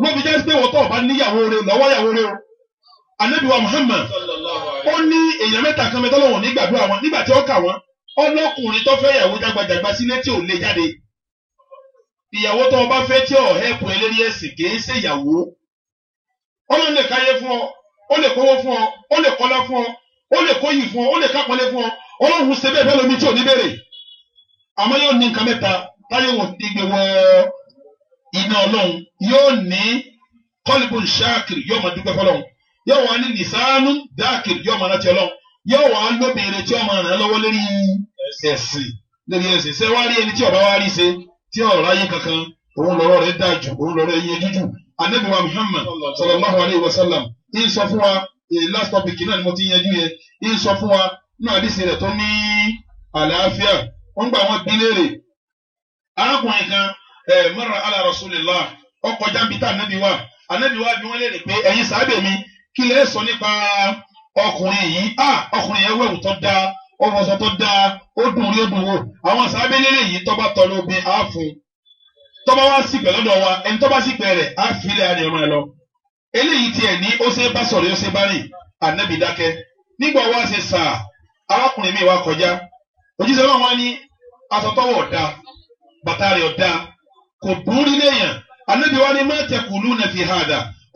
wọ́n fi jẹ́ pé wọ́n tọ̀ bá níyàwó rẹ̀ lọ́wọ́ yàwó rẹ̀ o anabiwa Muhammad ó ní èèyàn mẹ́ta kan mẹ́tọ́lọ́wọ̀n nígbàdúrà wọn nígbà tí ó kà wọ́n ọlọ́kùnrin tó fẹ́ ìyàwó jágbajàgba sílé tí ò lè jáde ìyàwó tó o bá fẹ́ tí ò hẹ́pù ẹlẹ́rìí ẹ̀sìn kì í ṣe ìyàwó ọlọ́run lè káyé fún ọ ó lè kówó fún ọ ó lè kọ́lá fún ọ ó lè kóyì fún ọ ó lè kápọ́lé fún ọ ọlọ́run ṣe bẹ́ẹ̀ bẹ́ẹ̀ lómi tí ò ní bèrè àmọ́ yóò ní nǹkan mẹ́ta táyé wò ti gbé wọ iná ọlọ́run yóò ní kọ́líbù ṣáàkiri yóò máa dúpẹ́ fọlọ́run yóò wá ní nìsánú dáàkiri yóò máa láti ọlọ́run yóò wá lóbìnrin tí ọmọ rẹ̀ lọ́wọ́ lórí ẹ̀sìn lórí ẹ̀sìn ṣé wá rí ẹni tí ọba wá rí ṣe tí ọ̀rọ̀ ayé kankan òun lọ́rọ̀ rẹ̀ dáa jù òun lọ́rọ̀ ẹ̀yẹ jújù anabi muhammad sallallahu alayhi wa sallam ń sọ fún wa eh, last topic náà ni mo ti yanjú yẹ ń sọ fún wa náà àdìsí rẹ̀ tó ní àlàáfíà wọ́n gbà wọ́n bí arákùnrin kan eh, mara ala rasulillah ọkọ̀ jábítà anabi wa anabi wa bí wọ́n léèrè pé ẹ̀yin sábẹ̀ mi kí lẹ́ẹ̀ sọ nípa ọkùnrin yìí a ọkùnrin yẹn wẹ̀wù tó dáa ọmọọsọ tó dáa ó dùn rí ó dùn wò àwọn sábẹ́lẹ́lẹ̀ yìí tọ́ba tọ́lú omi á fún tọ́ba wá sígbẹ̀ lọ́dọ̀ wa ẹni tọ́ba sígbẹ̀ rẹ̀ á fi ilẹ̀ àrẹ̀ ọmọ ẹ lọ eléyìí tiẹ̀ ní ó ṣe bá sọ̀rọ̀ ó ṣe bá rìn ànábì dákẹ́ nígbà wá ṣe sàá arákùnrin mi wá kọjá òjíṣẹ́ náà wá ní asọ̀tọ́wọ̀ ọ̀dà bàtà ọ̀dà kò dùn rí léèyàn ànábì wá ní mẹ́tẹ̀kùlù nàfi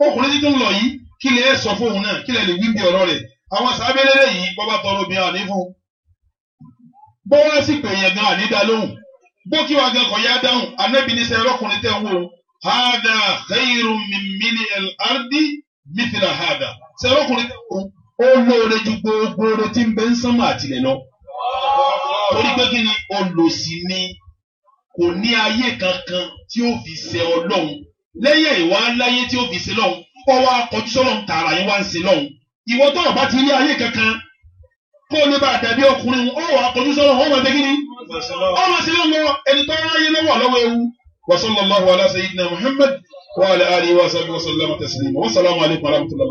ọkùnrin títún lọ yìí kí lè sọ fóun náà kí lè wí bí ọ̀rọ̀ rẹ̀ àwọn sábẹ́lẹ́lẹ́ yìí bọ́bá tọrọ obìnrin àní fún bọ́wá sì pè yẹn gan àní dá lóhùn bókí wa gan kọ̀ yá dáhùn anábì ní sẹ́ ẹlọ́kùnrin tẹ̀ wò hada khairun min mili ardi mithla hada sẹ́ ẹlọ́kùnrin tẹ̀ wò ó lóore ju gbogbo oore tí ń bẹ ń sánmà àtìlẹ̀ lọ torí pé kí ni olòṣì ni kò ní ayé kankan tí ó fi ṣe ọlọ́run lẹ́yìn ìwà láyé tí ó fi ṣe lọ́run ó wá kọjú sọ́lọ́run tààrà yín wá ń ṣe lọ́run ìwọ tó ọba ti rí ayé kankan kó o ní bá àtàbí ọkùnrin ó wà kọjú sọ́rọ̀ ó máa tẹ́gí ni ó máa sílẹ̀ lọ ẹni tó ráyé lọ́wọ́ lọ́wọ́ ewu wa sallallahu ala sayyidina muhammad wa ala alihi wa sallam wa sallam taslima wa salaamu alaykum wa rahmatulah.